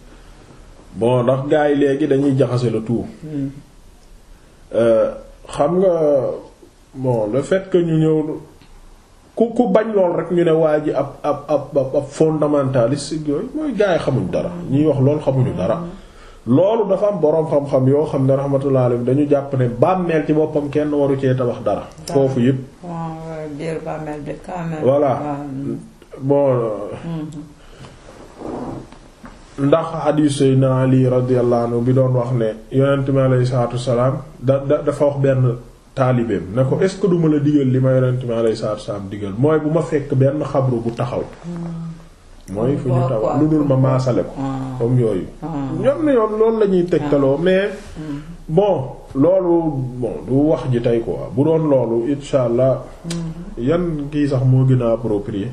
[SPEAKER 1] bon ndax gars yi léegi dañuy jaxase le tout mm. euh, xam nga bon la fait que ñu ñëw ku ku bañ lool rek ñu ne waa ji ab ab ab ab fondamentaliste yooyu mooy gaa xamuñ dara ñiy wax lool xamuñu dara loolu dafa am boroom xam-xam yoo xam ne rahmatullah alayhi dañu jàpp ne bàmmeel ci boppam kenn waru cee tabax dara. foofu yëpp. voilà bon. Euh, mm-hmm. ndax hadith Seydina Ali radiyallahu anhu bi doon wax ne yonent mi alayhi salaatu salaam dafa wax benn. taalibeem ne ko est-ce que du ma la digal li ma yonent mi alayhi salaatu salaam digal mooy bu ma fekk benn xabru bu taxaw mooy fu ñu taxaw lu dul ma maasale ko comme yooyu ñoom yoon loolu la ñuy tegtaloo mais bon loolu bon du wax ji tey quoi bu doon loolu insha allah yan kii sax moo gën a approprié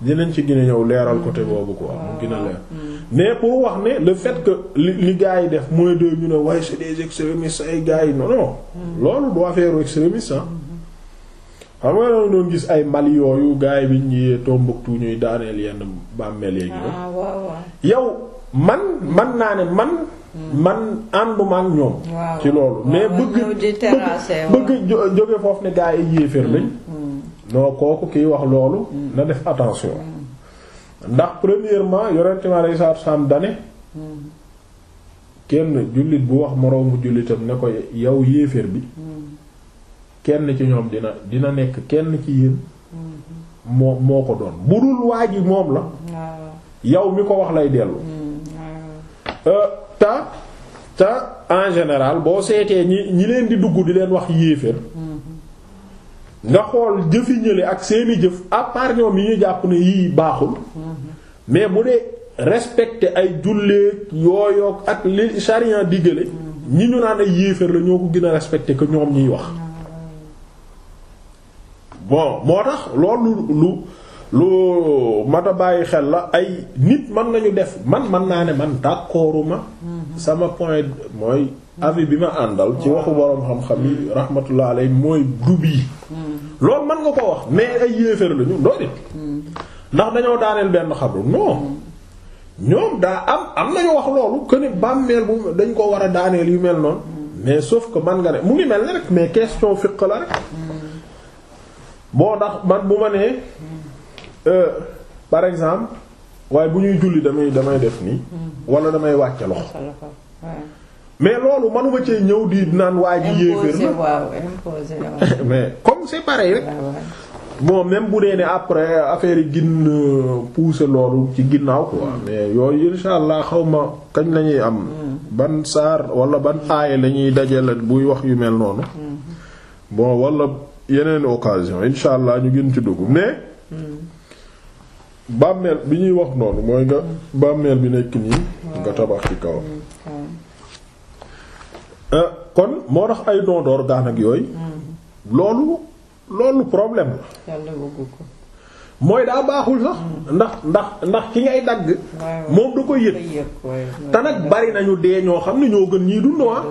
[SPEAKER 1] dinañ ci gën a ñëw leeral côté boobu quoi mu gën a leer mais pour wax ne le fait que li li gars yi def mooy de ñu ne waaye c'est des extrémistes ay gars yi non loolu du affaire extrémiste ah. xam nga doon gis ay Mali yooyu gars yi bi ñu Tombouctou ñuy daaneel yenn bàmmeel yi. Ah, waaw yow man man naa ne man. man ànduma ak ñoom. ci loolu
[SPEAKER 3] mais bëgg
[SPEAKER 1] bëgg jóge foofu ne gars yi yéeféer lañ. Mm, mm. non kooku kiy wax loolu. na def attention. Mm. ndax premièrement yorentima alei salatu salaam dane kenn jullit bu wax moroomu jullitam ne ko yow yéeféer bi kenn ci ñoom dina dina nekk kenn ci yéen moo moo ko doon bu dul waa ji moom la yow mi ko wax lay dellu mm, euh, ta ta en général boo seetee ñi ñi leen di dugg di leen wax yéeféer nga xool jëfi ñële ak seeni jëf à ñoom yi ñu jàpp ne yii baaxul mais bu dee respecté ay julleek yooyoog ak li charian diggale ñi ñu naan ay yéeféer la ñoo ko gën a respecté que ñoom ñuy wax bon moo tax loolu lu lu mata bàyyi xel la ay nit mën nañu def man man naa ne man d'accorduma mm-hmm. sama point mooy avis bi ma àndal ci waxu borom xam-xam yi rahmatullah alayhi mooy dub yi loolu mën nga ko wax mais ay yéeféer lañu doodit ndax dañoo daaneel benn xabru non ñoom daa am am nañu wax loolu que ne bàmmeel bu dañ ko war a daaneel yu mel noonu mais soof ko man nga ne mu ngi mel ne rek mais question fiq la rek boo ndax man bu ma nee euh, par exemple waaye bu ñuy julli damay damay def nii wala damay wàcce loxo mais loolu manuma cee ñëw di naan waa ji yéeféer na mais comme c'est pareil rek bu dee ne après affaire yi gin euh, pousser loolu ci ginnaaw quoi mm. mais yooyu insha allah xawma kañ lañuy am mm. ban saar wala ban aaya la ñuy dajale buy wax yu mel noonu mm-hmm. bon wala yeneen occasion insha allah ñu gën ci dugg mais mm. bàmmeel bi ñuy wax noonu mooy nga bàmmeel bi nekk nii nga tabax ci kawam Euh, kon moo tax ay don d'organe ak yooyu.
[SPEAKER 3] Mm-hmm.
[SPEAKER 1] loolu loolu problème la. mooy daa baaxul sax. Mm-hmm. ndax ndax ndax ki ngay dagg. moom da ko yëg. te nag bari nañu dee ñoo xam ne ñoo gën ñuy dund ah. waa.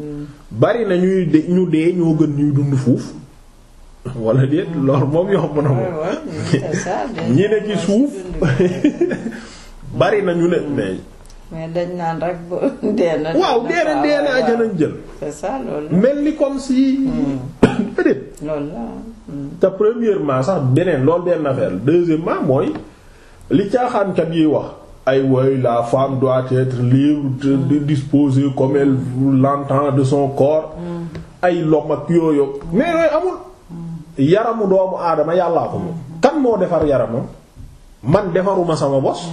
[SPEAKER 1] Mm. bari na ñuy de ñu dee ñoo gën ñuy dund fuuf. wala déet mm. loolu moom yomb na moom. ñi ne ci suuf. bari na ñu ne mm. mais.
[SPEAKER 3] mais dañ naan rek dee na. waaw dee na dee jël. c'est mel ni comme si. Hmm.
[SPEAKER 1] Hmm. te premièrement sax beneen loolu benn affaire deuxièmement mooy li caaxaankat yiy wax. ay woy la femme doit être libre de, hmm. de disposer de son corps. ay lom amul. yaramu doomu aadama yàllaa moo defar yaramam. man defaruma sama bos.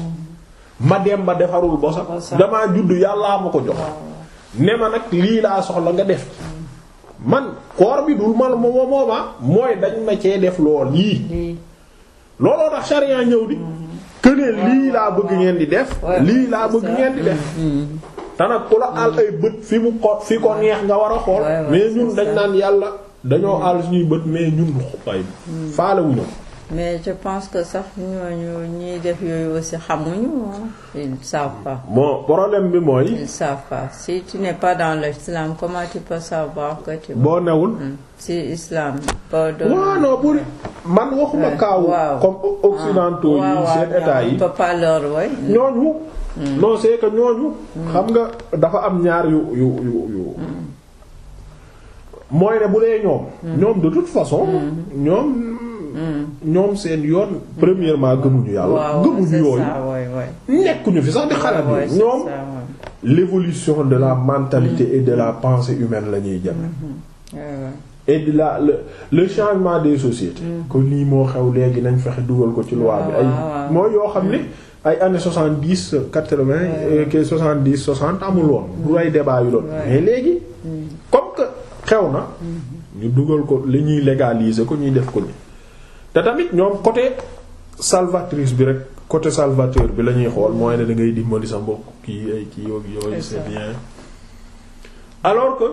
[SPEAKER 1] ma dem ba defarul bosam damaa juddu yàllaa ma ko jox ne ma nag lii laa soxla nga def man koor bi du man mooma mooma mooy dañ ma cee def lool yii looloo tax sharia ñëw di kënee mm-hmm. lii laa bëgg ngeen di def lii laa bëgg ngeen di def mm-hmm. te ku la àll ay bët fi mu ko fi ko neex nga war a xool mais ñun dañ naan yàlla dañoo àll suñuy bët mais ñun mm-hmm.
[SPEAKER 3] faale wuñu ko mais je pense que sax ñooñu ñuy def yooyu aussi xamuñu ils
[SPEAKER 1] problème bi mooy. ils
[SPEAKER 3] savent pas si tu n'es pas dans l'islam comment tu peux savoir que tu. boo newul. Hmm. si islam. boo
[SPEAKER 1] doon man waxuma hmm. kaaw. comme ah. occidentaux yi seen état
[SPEAKER 3] yi.
[SPEAKER 1] ñooñu. Hmm. non c'est que ñooñu. xam nga dafa am ñaar yu yu yu yu. mooy ne bu dee ñoom. ñoom de toute façon. ñoom. ñoom seen yoon premièrement gëmuñu yàlla gëmuñu yooyu
[SPEAKER 3] nekkuñu fi sax di xalaat yi ñoom
[SPEAKER 1] l'évolution de la mentalité et de la pensée humaine la ñuy jëm
[SPEAKER 3] mm-hmm.
[SPEAKER 1] et de la le, changement des sociétés kon mm. lii moo xew léegi nañ fexe dugal ko ci loi bi ay ah, mooy yoo xam ne mm. ay années soixante dix quatre vingt euh, que soixante dix soixante amul woon du mm. ay débat yu doon léegi comme que xew na
[SPEAKER 2] mm-hmm.
[SPEAKER 1] ñu dugal ko li ñuy légaliser ko ñuy def ko ni te tamit ñoom côté salvatrice bi rek côté salvateur bi la ñuy xool mooy ne da ngay dimbali sa mbokk kii ay kii yoog yooyu c'est bien alors que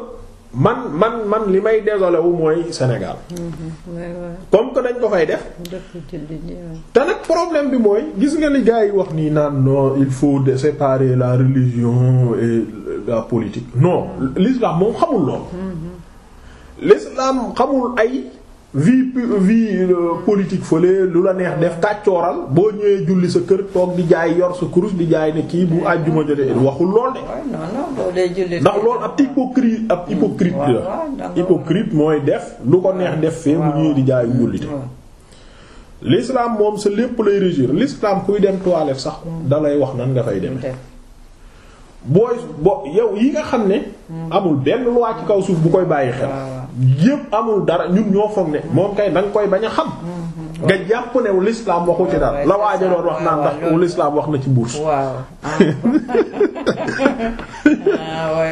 [SPEAKER 1] man man man li may désolé wu mooy Sénégal
[SPEAKER 2] mm-hmm.
[SPEAKER 1] comme que dañ ko fay def te nag problème bi mooy gis nga li gars yi wax nii naan non il faut séparer la religion et la politique non l'islam moom xamul loolu
[SPEAKER 2] mm-hmm.
[SPEAKER 1] l'islam xamul ay vie vie euh, politique fële lu la neex def kàccooral boo ñëwee julli sa kër toog di jaay yor sa kurus di jaay ne kii bu àjjuma jotee waxul lool
[SPEAKER 3] de. ndax loolu ab hypocrite ab hmm. hypocrite mooy
[SPEAKER 1] def lu ko neex def fee mu ñëwee di jaay jullite. Hmm. l'islam moom sa lépp lay régir l'islam kuy dem toilette sax hmm. dalay wax nan nga fay demee. booy bo yow yi nga xam ne. amul benn loi ci kaw suuf bu koy bàyyi xel. yëpp amul dara ñun ñoo foog ne moom kay da nga koy bañ a xam. Mm-hmm. nga jàpp ne wu l'islam waxu ci dara la waaja doon wax naan ndax wu l'islam wax na ci bourse. waaw
[SPEAKER 3] ah,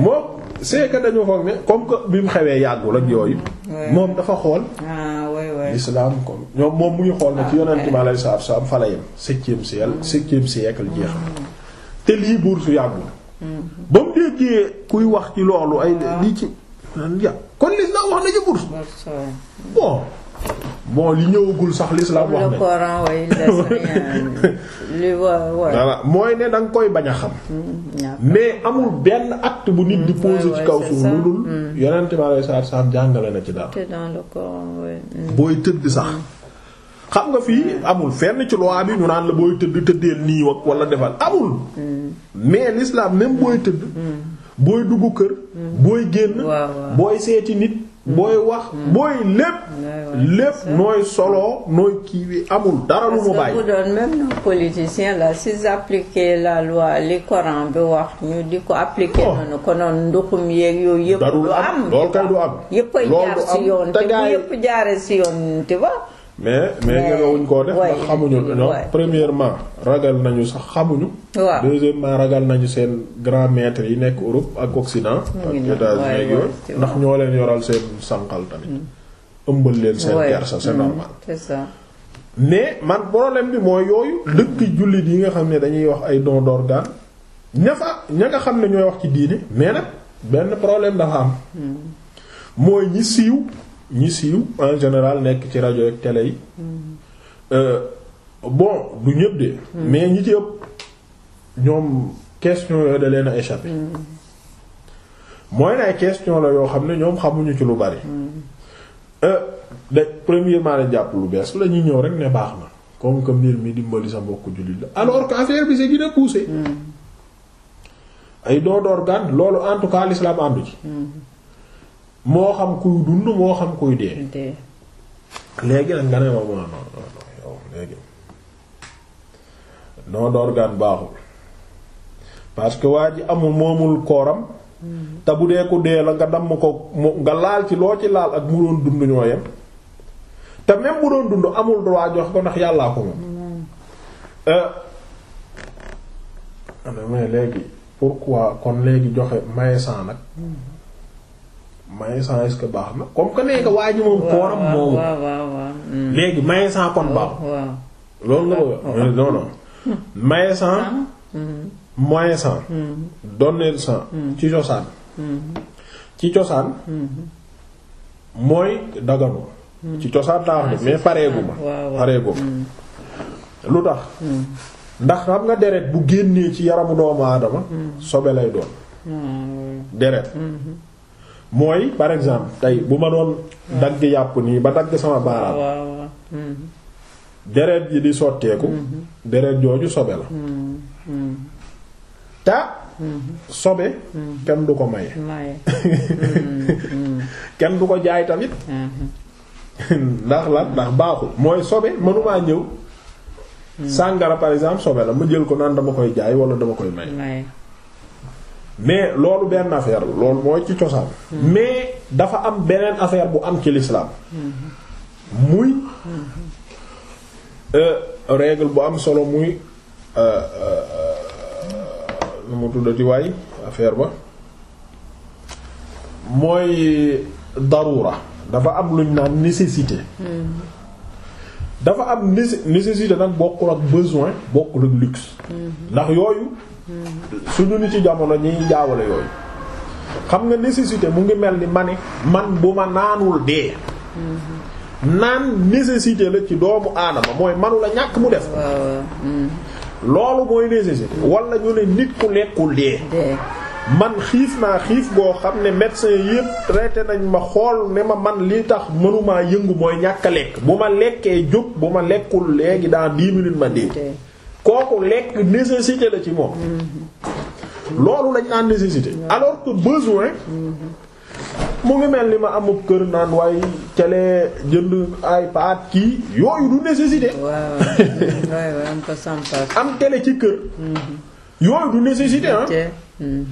[SPEAKER 3] moom
[SPEAKER 1] c'est que dañu foog ne comme que bi mu xewee yàggul ak yooyu. moom dafa xool.
[SPEAKER 3] Ah, l'islam
[SPEAKER 1] comme ñoom moom mu ngi xool na ci ah, yonent bi alayhi salaatu salaam fa la yem septième siècle septième siècle jeex te lii bourse yàggul. Mm-hmm. ba mu déggee kuy wax ci loolu ay li ci. nan ja kon l'islam wax na jëmbur bon bon li ñëwagul sax l'islam wax
[SPEAKER 3] nañ
[SPEAKER 1] mooy ne danga koy bañ a xam
[SPEAKER 3] hmm,
[SPEAKER 1] mais amul benn
[SPEAKER 3] acte bu nit di hmm, poser ci kaw suuf lu dul hmm.
[SPEAKER 1] yonente bi alayhi salaatu salaam jàngale na ci daal booy tëdd sax xam nga fii amul fenn ci loi bi ñu naan la booy tëdd tëddeel nii wak wala defal amul mais l'islam même booy tëdd booy dugg kër. Mm-hmm. booy génn. booy seeti nit. Mm-hmm. booy wax mm-hmm. booy lépp. lépp nooy solo nooy kii bi amul dara lu mu bàyyi. bu
[SPEAKER 3] doon même nos politiciens là s'ils appliquaient la loi li Coran bi wax ñu di ko appliquer oh. noonu konoon nduxum yeeg yooyu yëpp. du am loolu kay du am. yëpp a jaar ci yoon te bu yëpp jaaree ci yoon te ba.
[SPEAKER 1] mais mais ñemewuñ koo def ndax xamuñu ñoom premièrement ragal nañu sax xamuñu waaw deuxièmement ragal nañu seen grand maître yi nekk Europe ak Occident ak États-Unis yooyu ndax ñoo leen yoral seen sànqal tamit mm. ëmbal leen seen kersa c'est mm. normal c'est ça mais man problème bi mooy yooyu dëkk jullit yi nga xam ne dañuy wax ay don d'organe ña fa ña nga xam ne ñooy wax ci diine mais nag benn problème dafa am mm. mooy ñi siiw ñi siiw en général nekk ci rajo ak télé yi euh, bon du ñëpp de mm. mais ñi ci ëpp ñoom question yooyu da leen a échappé mm. mooy ne question la yoo xam ne ñoom xamuñu ci lu bari mm. euh, da premièrement la jàpp lu bees la ñuy ñëw rek ne baax na comme que mbir mi dimbali sa mbokku jullit la alors que affaire bi c'est gën a ay don d'organe loolu en tout cas l'islam àndu ci moo xam kuy dund moo xam kuy dee léegi nag nga ne ma non non yow léegi don d'organe baaxul parce que waa ji amul moomul kooram mm. te bu dee ko dee la nga damm ko nga laal ci loo ci laal ak mu doon dund ñoo yem te même bu doon dund amul droit jox ko ndax yàllaa ko moom mm. euh, mais léegi pourquoi kon léegi joxe maye saa nag mm. maysan est-ce que baax na comme que nekk waa ji moom. kooram moomu
[SPEAKER 2] hmm.
[SPEAKER 1] léegi maysan kon baax. loolu nga bëgg non non. maysan. moyen san. donné san. ci cosaan. Hmm. ci cosaan. Hmm. Ah, mais pareegu ma. lu tax. ndax xam nga deret bu génnee ci yaramu doomu aadama. sobe lay doon. deret. mooy par exemple tey bu ma doon dagg yàpp nii ba dagg sama
[SPEAKER 2] baaraam hmm.
[SPEAKER 1] deret yi di sotteeku hmm. deret jooju sobe la hmm. ta sobe kenn du ko may kenn du ko jaay tamit ndax la ndax baaxul mooy sobe mënumaa ñëw sàngara par exemple sobe la ma jël ko naan dama koy jaay wala dama koy maye mais loolu benn affaire lool mooy ci cosaan. Hmm. mais dafa am beneen affaire bu am ci l'islam
[SPEAKER 2] hmm. muy hmm.
[SPEAKER 1] Euh, règle bu am solo muy euh, euh, nu mu tuddati waay affaire ba mooy darura dafa am luñ naan nécessité. dafa am nécessité nag bokkul ak besoin bokkul ak luxe. ndax yooyu. suñu ni ci jamono ñiy jaawale yooyu xam nga nécessité mu ngi mel ni ma ne man bu ma naanul dee naan nécessité la ci doomu aadama mooy manula ñàkk mu def loolu mooy nécessité wala ñu ne nit ku lekkul dee man xiif naa xiif boo xam ne médecin yépp traité nañu ma xool ne ma man lii tax mënuma yëngu mooy ñàkk lekk bu ma lekkee jóg bu ma lekkul léegi dans dix minutes ma dee kooku lekk nécessité la ci moom loolu lañ naan nécessité alors que besoin mu ngi mel ni ma amub kër naan waaye télé jënd ay paat kii yooyu du nécessité am télé ci kër yooyu du nécessité mhm.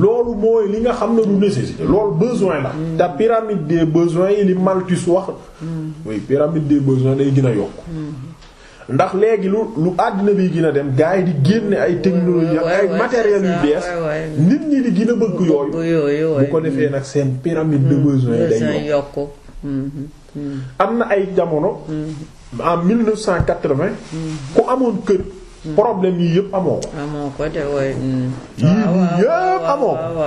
[SPEAKER 1] loolu mooy li nga xam ne du nécessité loolu besoin la mm. te pyramide des besoins yi li Malthus wax mooy mm. pyramide des besoins day gën a yokk mm. ndax léegi lu lu àddina bi gën a dem gars yi di génne ay technologie mm, ay matériel yu bees nit ñi di gën bëgg yooyu bu ko defee nag seen pyramide de mm, besoin day
[SPEAKER 2] yokk mm-hmm, mm-hmm.
[SPEAKER 1] am na ay jamono mm-hmm. en 1980 ku amoon kër problème yi yëpp amoo ko.
[SPEAKER 3] amoo ko te wooy. yii yëpp amoo ko.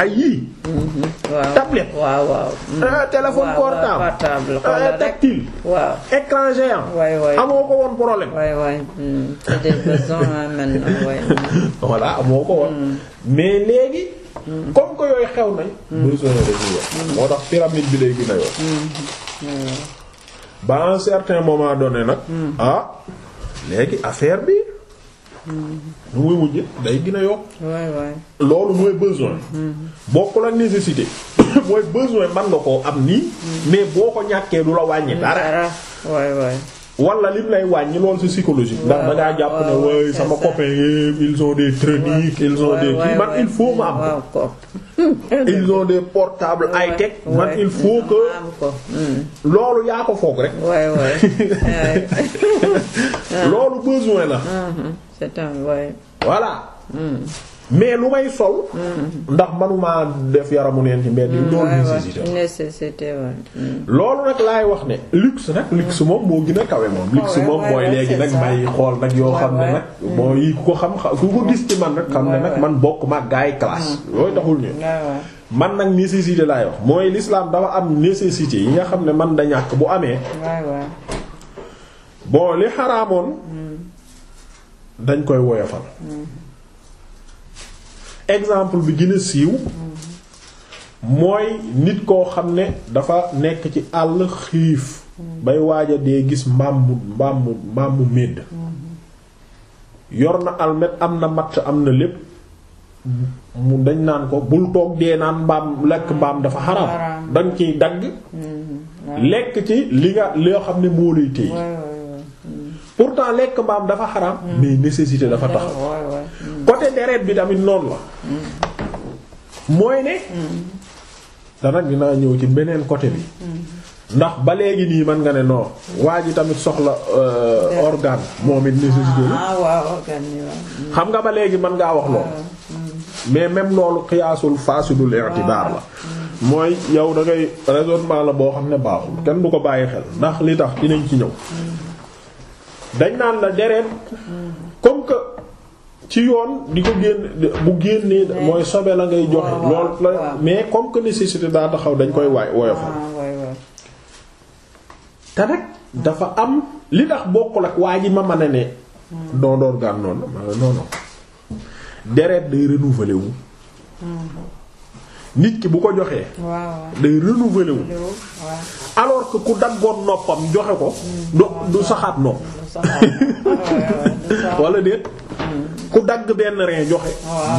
[SPEAKER 3] ay mm. yii. waaw waaw waaw. téléphone portable. tactile.
[SPEAKER 1] waaw écran géant. waay waay amoo ko woon problème. waay waay mm. c'est des besoins maintenant waay. Mm. voilà amoo ko woon. mais léegi. comme que yooyu xew nañ. besoin moo tax pyramide bi lay gën a yor. certain moment donné nag. Ah, léegi affaire bi
[SPEAKER 3] ñu
[SPEAKER 1] muy mujj day gën a yokk loolu mooy besoin mm-hmm. bokkul ak nécessité mooy besoin man nga koo am nii mm-hmm. mais boo ko ñàkkee du la wàññi dara waay waay wala lim lay wàññi lool c'est psychologique. ndax da jàpp ne waaye sama copain ils ont des crédits ils ont des kii man il faut ma ko. ils ont des portables high-tech man il faut que. Hmm. loolu yaa ko foog rek. loolu
[SPEAKER 3] besoin la. Hmm, hmm. c'est
[SPEAKER 1] mais lu may sol. ndax manuma def yaramu neen ci mbedd yi. doon mm-hmm. nécessité
[SPEAKER 3] nécessité mm-hmm.
[SPEAKER 1] loolu nag laay wax ne luxe nag luxe moom moo gën a kawe moom. luxe moom mooy léegi nag may xool nag yoo xam ne nag. yi ku ko xam ku ko gis ci man nag. xam ne man bokk ma gaay classe. Mm-hmm. taxul ñu. man nag nécessité laay wax mooy l'islam dafa am nécessité yi nga xam ne man da ñàkk bu amee. bon li xaraamoon. dañ koy woyofal. exemple bi gën a siiw mooy nit koo xam ne dafa nekk ci àll xiif bay waaja dee gis mbaam mu mbaam mu mbaam mu médd yor na almet am na matt am na lépp mu dañ naan ko bul toog dee naan mbaam lekk mbaam dafa xaraam dañ ciy dagg mm-hmm. lekk ci li nga loo xam ne moo lay téye mm-hmm. pourtant lekk mbaam dafa xaraam mm-hmm. mais nécessité dafa taxaw côté deret bi tamit noonu la mooy ne danak dinaa ñëw ci beneen côté bi ndax ba léegi nii mën nga ne non waa ji tamit soxla euh, organe moom it
[SPEAKER 3] nécessité la ah, mm.
[SPEAKER 1] xam nga ba léegi man ngaa wax loolu ah, mm. mais même loolu xiyaasul fasidul i'tibar la ah, mm. mooy yow da ngay la boo xam ne baaxul kenn du ko bàyyi xel ndax li tax dinañ ci ñëw dañ naan la deret comme que ci yoon di ko génn bu génnee mooy sobe la ngay joxe lool la mais comme que nécessité daa dañ koy waay woyofal
[SPEAKER 2] ah,
[SPEAKER 1] te nag dafa am li tax bokkul ak waa ji ma mën a ne
[SPEAKER 2] hmm.
[SPEAKER 1] don d'organe noonu non day renouveler
[SPEAKER 2] hmm.
[SPEAKER 1] nit ki bu ko joxee day renouveler wu alors que ku daggoon noppam joxe ko hmm. du saxaat nopp
[SPEAKER 2] ah,
[SPEAKER 1] wala déet ku dagg benn rein joxe.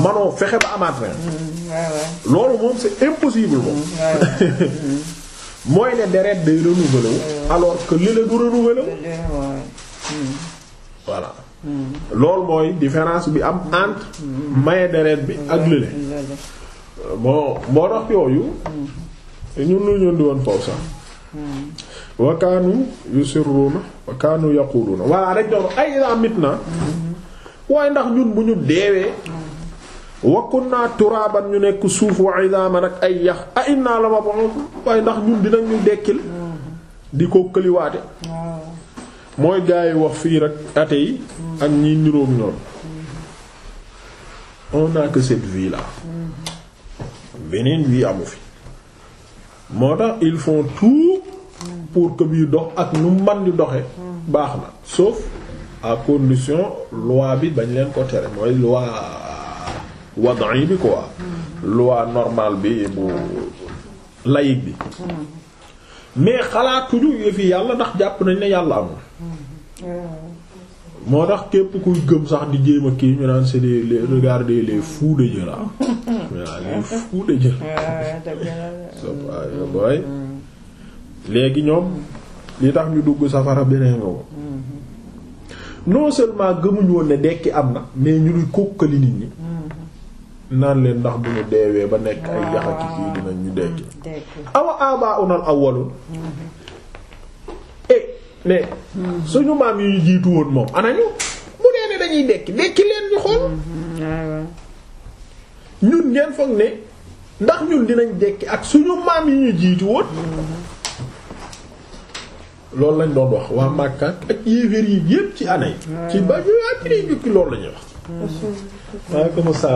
[SPEAKER 1] manoo fexe ba amaat rein. Mm,
[SPEAKER 2] mm,
[SPEAKER 1] loolu moom c'est impossible moom. Mm, mooy ne deret day renouvelé wu. alors que li la du renouvelé wu. voilà. mooy différence bi am entre. maye deret bi ak lële. Euh, bon moo tax yooyu. ñun lu di woon foofu sax. wakaanu yusirruuna wakaanu yaquluuna voilà rek ñoom ay daa mit na. waaye ndax ñun bu ñu deewee wa kunna turaban ñu nekk suuf wa idaman ak ay yax a inna la ma boxoon waaye ndax ñun dinañ ñu dekkil di ko këliwaate mooy gaa yi wax fii rek ate yi ak ñi niroog ñoom on n'a que cette vie beneen vie amu fi moo tax ils font tout pour que bii dox ak nu man di doxe baax na sauf à condition loi bi bañ leen ko tere mooy loi wad'i bi quoi mm-hmm. loi normal bi bu laïque bi mm-hmm. mais xalaatuñu yëfi yàlla ndax jàpp nañ ne yàlla amul
[SPEAKER 2] mm-hmm.
[SPEAKER 1] moo tax képp kuy gëm sax di jéem a kii ñu naan si des les regarder les fous de Dieu là waaw léegi ñoom li tax ñu dugg safara beneen nga non seulement gëmuñu woon ne dekki am na mais ñu nuy kókkali nit ñi mm-hmm. naan leen ndax bu ñu deewee ba nekk ay yaxaki kii dinañ ñu dekki mm-hmm. awa aba unal awwalun mm-hmm. e eh, mais suñu maam yi ñu jiitu woon moom anañu mu nee ne dañuy dekki dekki leen ñu ñun ngeen foog ne ndax ñun dinañ dekki ak suñu maam yi ñu jiitu woon loolu lañ doon wax waa Makka ak yéeféer yi yépp ci année ah. ci ba ñu ak ci jukki loolu lañuy wax mm-hmm. waaleykum ah. euh, ko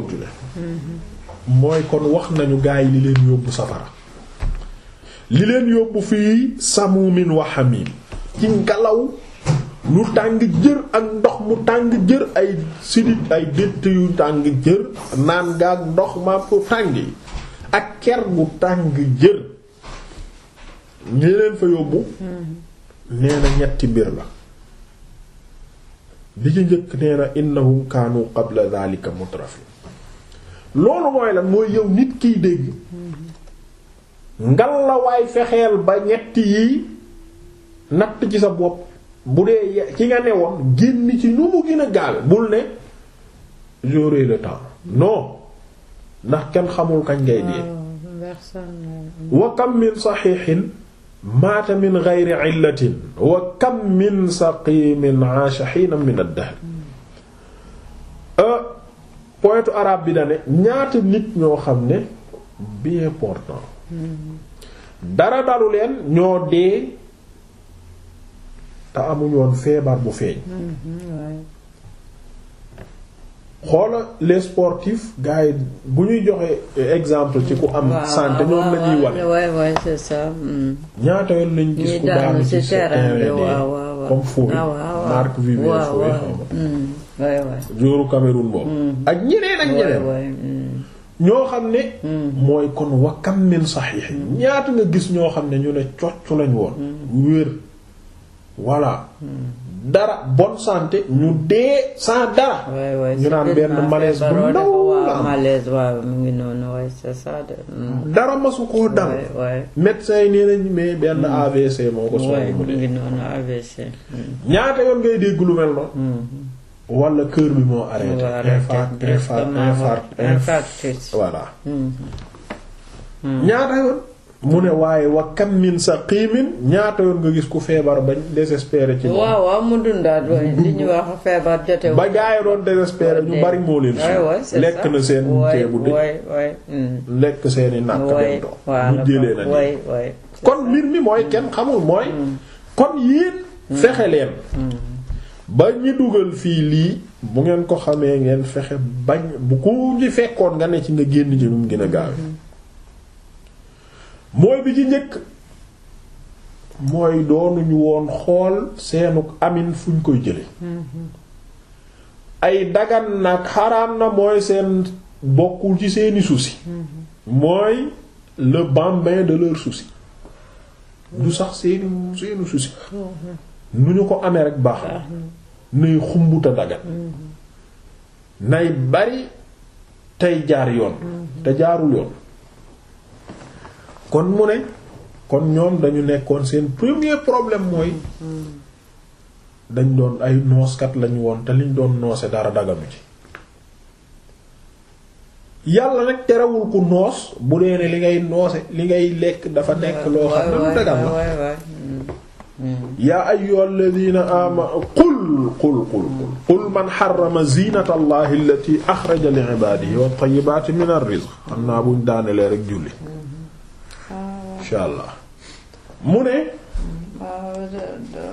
[SPEAKER 2] mm-hmm.
[SPEAKER 1] mooy kon wax nañu gaa yi li leen yóbbu safara li leen yóbbu fii samumin wa hamim ci ngalaw lu tàng jër ak ndox mu tàng jër ay sidit ay détt yu tàng jër naan gaag ndox ma ko tàng yi ak ker gu tàng jër ñi leen fa yóbbu nee ñetti mbir la bi ci njëkk nee na kaanu qabla dhalika mutrafi loolu mooy la mooy yow nit kiy dégg ngal la waay fexeel ba ñetti yi natt ci sa bopp bu dee ci nga newoon génn ci nu mu gën a bul ne j'aurai le temps non ndax kenn xamul kañ ngay dee ah, wa kam min saxiixin maata min geyri illatin wa kam min saqimin aasha xiina min ad-dahr hmm. euh, poète arabe bi dane ñaata nit ñoo xam ne bien important hmm. dara dalu leen ñoo dee te amuñu woon feebar bu feeñ xoola les sportifs gars bu ñuy joxe exemple ci ku am santé ñoom la ñuy
[SPEAKER 3] hmm. ñaata yoon lañ gis ku daanu ci terrain bi
[SPEAKER 2] comme Foy ah, Marc Vivier Foy hmm.
[SPEAKER 1] jooru Cameroun boobu hmm. ak ñeneen ak ñeneen ñoo xam ne mooy kon wakam saxiix ñaata nga gis ñoo xam ne ñu ne cocc lañ woon wér voilà dara bonne santé ñu dee sans dara. ñu naan benn malaise bu ndaw la malaise waaw mu ngi noonu waay c'est ça de. Mm. dara masu koo dal. médecin yi nee nañu mais benn mm. AVC moo ko. soxla mu ngi noonu AVC. Mm. ñaata yoon ngay ñaata yoon. mu ne waaye wa kam min saqimin ñaata yoon nga gis ku feebar bañ désespéré. ci moom waaw waaw
[SPEAKER 3] mu dundaat ba gaa yi doon désespéré ñu bari moo leen. si lekk na seen teebu de.
[SPEAKER 1] Hmm. lekk seen i nàkk dem toog. ñu jëlee na kon mbir mi mooy kenn xamul mooy. Hmm. kon yéen. Hmm. fexe leen. ba ñu dugal fii lii. bu ngeen ko xamee ngeen fexe bañ bu ku ñu fekkoon nga ne ci nga génn ci nu mu gën a gaawee. mooy bi ci njëkk mooy doonuñu woon xool seenu amin fuñ koy jële ay dagan nag xaraam na mooy seen bokkul ci seeni suusi mooy le bambin de leur souci du sax seeni seeni nu ñu ko amee rek baax na nay xumbuta dagan nay bari tey jaar yoon te jaarul yoon kon mu ne kon ñoom dañu nekkoon seen premier problème mooy dañ doon ay nooskat lañu woon te liñ doon noose dara dagamu ci yàlla nag terewul ku noos bu dee ne li ngay noose li ngay lekk dafa nekk loo xam ne lu dagal la
[SPEAKER 2] yaa hmm.
[SPEAKER 1] hmm. ayyuhal ladina amanu qul qul qul qul man harrama zinata allahi allati axraja li ibadihi wat min ar-rizq xam naa buñ daanelee rek julli insha allah mu ne.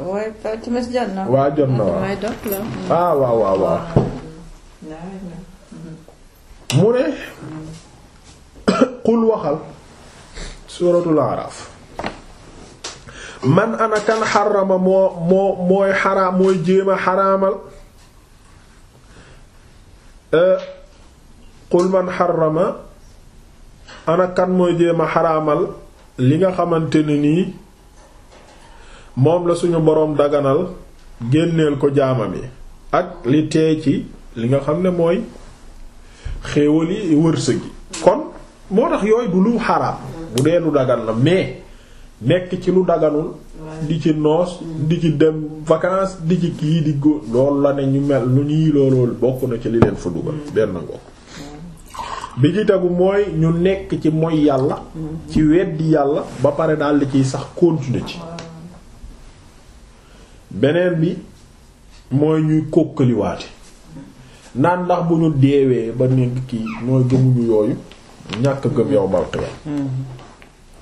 [SPEAKER 3] waaw timis jot na. waaw
[SPEAKER 1] jot na waaw ah, waaw mu ne. qul waxal. suuratul Araf. man ana kan xarama moo moo mooy xaraam mooy jéem xaraamal. Eh, qul man xarama ana kan mooy jéem xaraamal. li nga xamante ne nii moom la suñu boroom daganal génneel ko jaamam yi ak li tee ci li nga xam ne mooy xéewal yi wërsëg yi kon moo tax yooyu du lu xaraam bu dee lu dagan la mais nekk ci lu daganul di ci noos di ci dem vacances di ci kii di góor loolu la ne ñu mel lu ñuy looloolu bokk na ci li leen fa dugal benn ngokk bi ci tegu mooy ñu nekk ci moy yàlla ci weddi yàlla ba pare daal di ciy sax continuer ci beneen bi mooy ñuy kókkaliwaate naan ndax bu ñu deewee ba nekk kii mooy gëmuñu yooyu ñàkk gëm yow balk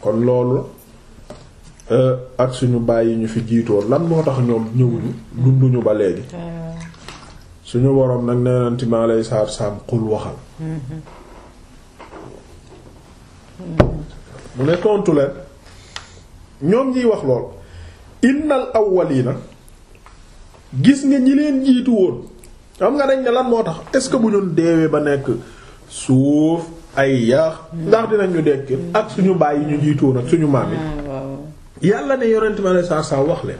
[SPEAKER 1] kon loolu eh, ak suñu bàyyi ñu fi jiitoo lan moo tax ñoom ñëwuñu dunduñu ba léegi eh. suñu woroom nag nee nanti maa lay saar saam xul waxal mm-hmm. mu ne tontu leen ñoom ñiy wax lool innal na gis nga ñi leen jiitu woon xam nga dañ ne lan moo tax est-ce que bu ñun deewee ba nekk suuf ay yaax ndax dinañu dekk ak suñu bàyyi ñu jiitu woon ak suñu maam yi ah, yàlla ne yonent ma ne saa saa wax leen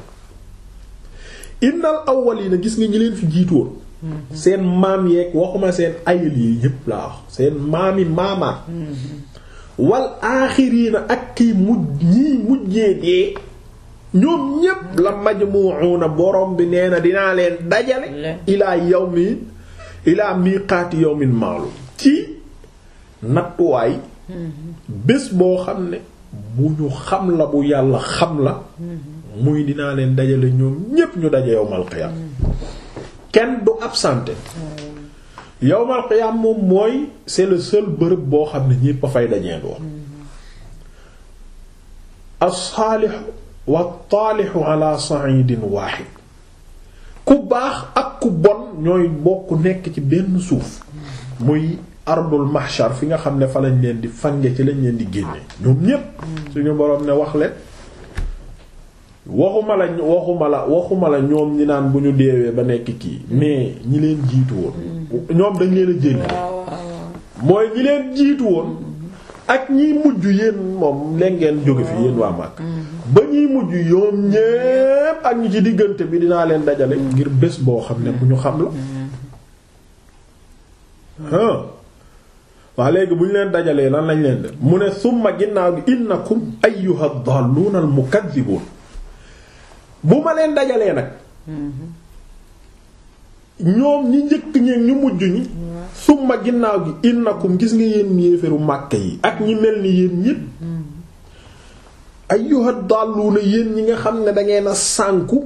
[SPEAKER 1] innal awwalina gis nga ñi leen fi jiitu woon mm-hmm. seen maam yeeg waxuma seen ayil yi yépp laa wax seen maami maamaa
[SPEAKER 2] mm-hmm.
[SPEAKER 1] wal aaxiriina ak ki mujj ñii mujjee ñoom ñépp la majmuuna borom bi nee na dinaa leen dajale ilaa yawmi ilaa miiqaati yawmin maalum ci nattuwaay
[SPEAKER 2] mm-hmm.
[SPEAKER 1] bés boo xam ne bu ñu xam la bu yàlla xam la
[SPEAKER 2] mm-hmm.
[SPEAKER 1] muy dinaa leen dajale ñoom ñépp ñu daje yawmal qiyaam mm-hmm. kenn du absenté yawmal qiyaam moom mooy c'est le seul bërëb boo xam ne ñépp a fay dajeendoo as-saalix wa taalixu ala sa'idin waaxid ku baax ak ku bon ñooy bokk nekk ci benn suuf muy ardul mahshar fi nga xam ne fa lañ leen di fange ci lañ leen di génne ñoom ñépp suñu boroom ne wax leen waxuma la waxuma la waxuma la ñoom ñi naan bu ñu deewee ba nekk kii mais ñi leen jiitu woon ñoom dañ leen a jénn mooy ñi leen jiitu woon ak ñiy mujj yéen moom leen ngeen jóge fi yéen waa Màkk mm-hmm. ba ñuy mujj yoom ñépp ak ñu ci diggante bi dinaa leen dajale ngir bés boo xam ne bu ñu xam la mm-hmm. waa léegi bu ñu leen dajalee lan lañ leen def mu ne summa ginnaaw gi innakum ayyuha ad-dalluna al-mukaththibun bu ma leen dajalee nag ñoom ñi njëkk ñeen ñu mujj ñi summa ginnaaw gi innakum gis nga yéen yéeféru màkke yi ak ñi mel ni yéen ñépp ayyuha dàlluuna yéen ñi nga xam ne dangeen sànku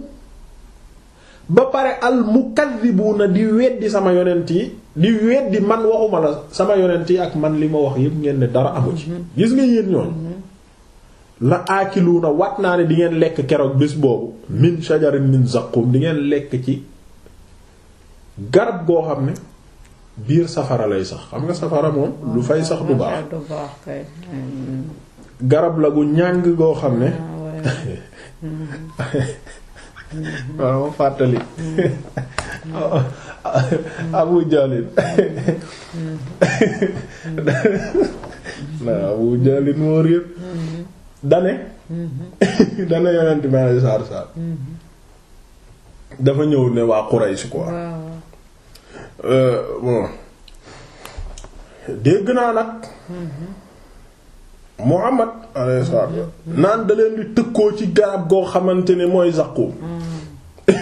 [SPEAKER 1] ba pare al mukaddibuuna di weddi sama yonent yi di weddi man waxuma la sama yonent yi ak man li ma wax yépp ngeen ne dara amu ci mm-hmm. gis nga yéen ñooñ mm-hmm. la aakiluuna wat naa ne di ngeen lekk keroog bés boobu min shajarin min zaqum di ngeen lekk ci garab goo xam ne biir safara lay sax xam nga safara moom lu fay sax du baax ah, garab la gu ñàng goo xam ne ah, waaw ma fàttali Abu Jalil mm. Abu Jalil moo réer dane mhm. dane yonent bi alayhi salaatu wa mhm. dafa ñëw ne waa Quraysh quoi euh, bon dégg naa nag mhm. Muhammad alayhi salaatu naan da di tëkkoo ci garab goo xamante ne mooy Zaqqum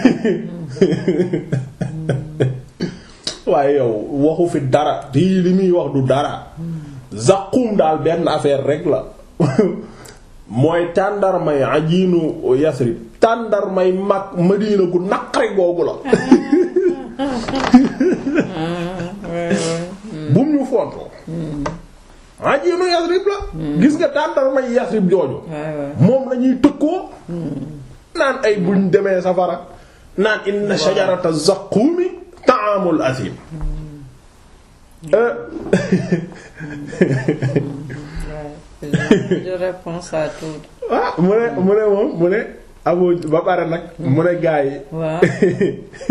[SPEAKER 1] waaye yow waxu fi dara di li muy wax du dara Zaqqum daal benn affaire rek la mooy tàndarmay ajiinu Yasrib tàndarmay mag Madina gu naqari googu la bum ñu fontoo ajiinu Yasrib la hmm. gis nga tàndarmay Yasrib jooju moom lañuy tëkkoo hmm. naan ay buñ demee safara naan inna shajarata zaqqumi ta'amul asim hmm. euh.
[SPEAKER 3] je réponds à tout.
[SPEAKER 1] ah mu ne mu ne moom mu ne abu ba pare nag mu ne gaa yi. waaw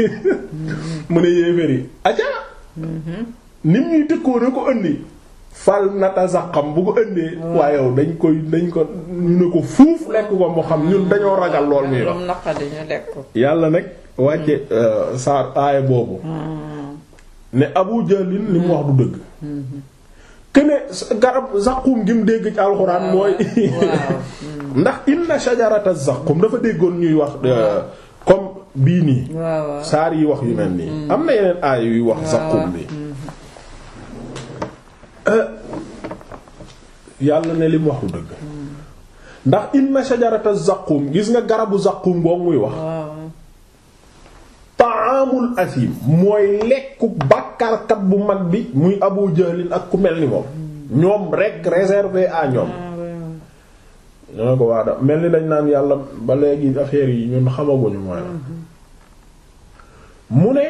[SPEAKER 1] mu ne yéeféer yi acca mm-hmm. ni ñuy tëkkoo na ko indi fal nata sax bu ko indee. waaye yow dañ koy dañ ko ñu ne ko fuuf lekk ko mu xam ñun dañoo ragal lool ñuy
[SPEAKER 3] wax. yàlla
[SPEAKER 1] nag wàcce mm. euh, saar aaya boobu. Mm. ne Abu Jahlin li mu wax du dëgg. Mm-hmm. këne garab zaqum gi mu dégg ci alxuraan ah, mooy hmm. ndax inna shajarata zaqum dafa déggoon ñuy wax euh, comme bii nii saar yi wax yu mel nii hmm. am na yeneen aay yuy wax zaqum bi euh, yàlla ne lim waxu dëgg hmm. ndax inna shajarata zaqum gis nga garabu zaqum boobu muy wax ta'amul asim mooy lekku bàkkaarkat bu mag bi muy Abu Jahlin ak ku mel ni moom ñoom rek réservé à ñoom ah, ñu ko waa da mel ni dañ naan yàlla ba léegi affaire yi ñun xamaguñu mooy la mhm. mu ne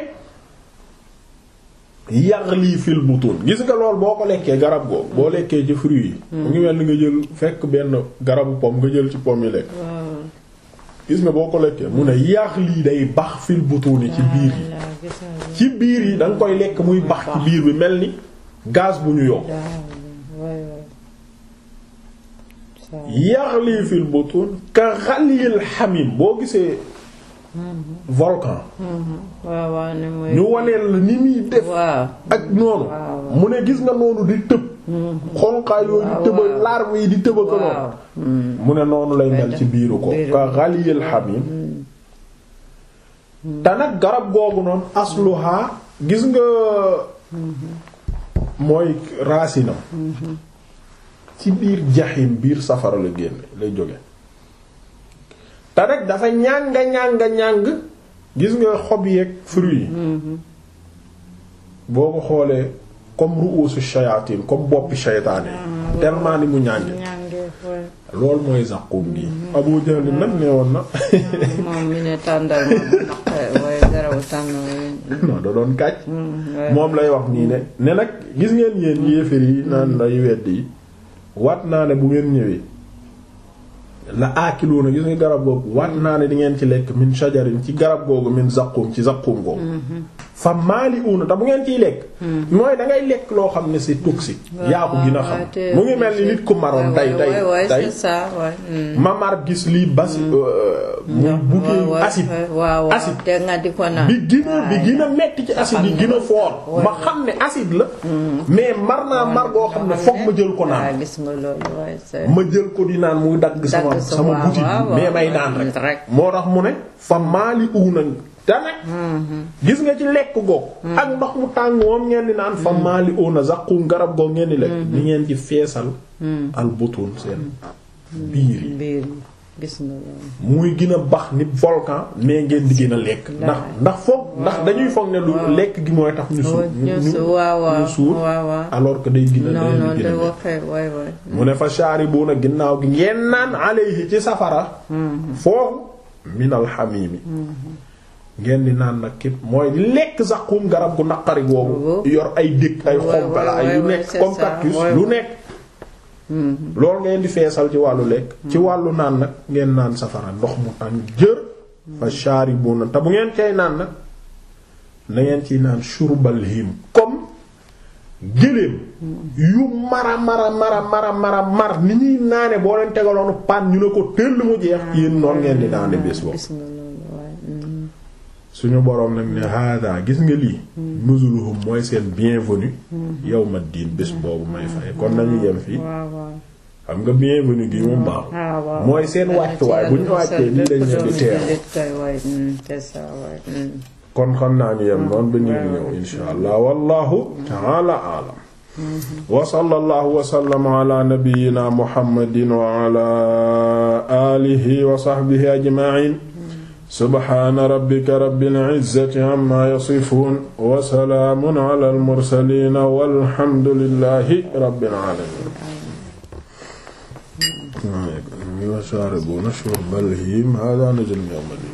[SPEAKER 1] yaxli fil butun gis nga lool boo ko lekkee garab googu boo lekkee ci fruit yi mhm. mu ngi mel ni nga jël fekk benn garabu pomme nga jël ci pomme yi lekk gis nga boo ko lekkee mu ne yaax lii day bax fil butuni ci biir yi ci biir yi da nga koy lekk muy bax ci biir bi mel ni gaz bu ñu yokk yaxli fil butun ka xalil xamim boo gisee volcan
[SPEAKER 3] ñu waneel ni muy def ak noonu
[SPEAKER 1] mu ne gis nga noonu di tëb xonqaay yooyu di larve yi di tëba ko noonu mm. mu ne noonu lay mel ci biiru ko ka xaliyal xamim mm. te nag garab googu noonu asluha gis nga mm-hmm. mooy raasinam mm-hmm. ci biir jaxin biir safara la génne lay jóge te nag dafa ñàng ñàng ñàng gis nga xob yeeg fruit yi mm-hmm. boo ko xoolee comme ru'usu shayatin comme boppi shaytaane tellement ah, ni mu ñànge loolu mooy zaqum gi mm-hmm. Abu Jahl nag nee woon na
[SPEAKER 3] ah, moom
[SPEAKER 1] eh, da doon kàcc
[SPEAKER 3] mm, moom
[SPEAKER 1] lay wax nii ne ne nag gis ngeen yéen mm. yéeféer yi naan lay mm. wedd yi waat naa ne bu ngeen ñëwee la aakiluuna gis nga garab googu waat naa ne di ngeen ci lekk min shajarin ci garab googu min zaqum ci zaqum googu mm-hmm. fa maali uuna te bu ngeen ciy lekk. Hmm. mooy da lekk loo xam ne si toxique. yaa ko gën a xam mu ngi mel ni nit ku maroon tey tey tey ma mar gis lii basi. muy hmm. euh, buggee acide.
[SPEAKER 3] acide bi gën a bi gën a metti ci acide yi gën a
[SPEAKER 1] ma xam ne acide la. Hmm. mais mar naa mar goo xam ne fokk ma jël ko naan. ma jël ko di naan muy dagg sama sama butit mais may naan rek. moo tax mu ne fa maali uuna. te nag gis nga ci lekk goog ak ndox mu tàng moom ngeen di naan fa mm. maali na zaqum garab goog ngeen di lekk mm. ngeen ci feesal mm. al butun seen
[SPEAKER 3] biir
[SPEAKER 1] muy gina a bax ni volcan mais ngeen di gën a lekk ndax ndax foog ndax dañuy foog ne lu lekk gi mooy tax ñu suur ñu suur alors que day gën a day gën
[SPEAKER 3] a
[SPEAKER 1] mu ne fa sharibuna ginnaaw gi ngeen naan alayhi ci safara mm-hmm. foofu minal hamimi mm-hmm. ngeen di naan nag képp mooy lekk zaqum garab gu naqari boobu yor ay dëkk ay xombala lu nekk comme mm-hmm. cactus lu nekk loolu ngeen di feesal ci wàllu lekk ci mm-hmm. wàllu naan nag ngeen naan safara ndox mu tàng jër mm-hmm. fa na te bu ngeen cay naan nag na ngeen ciy naan shurbal him comme géléem yu mara mara mara mara mara mar ni ñuy naane boo leen tegaloonu pan ñu ne ko tëll mu jeex ah, yéen noon ngeen di naane bés boobu suñu boroom nag ne hada gis nga lii hmm. nuzuluhum mooy seen bienvenue hmm. yawmad diin bés hmm. boobu may fay kon nañu yem fii xam nga bienvenue gi moom baax ah, mooy seen wàccuwaay bu ñu wàccee lii dañ di teeru kon xam naa ñu yem noonu ba ñu ñëw insha allah wallahu ta'ala wa sallallahu wa sallama ala nabiyyina muhammadin wa ala alihi wa sahbihi ajma'in subxaana rabbika rabbil izzati amma yasifuun wa salaamun alal mursaliin walhamdulillaahi rabbil
[SPEAKER 2] aalamiin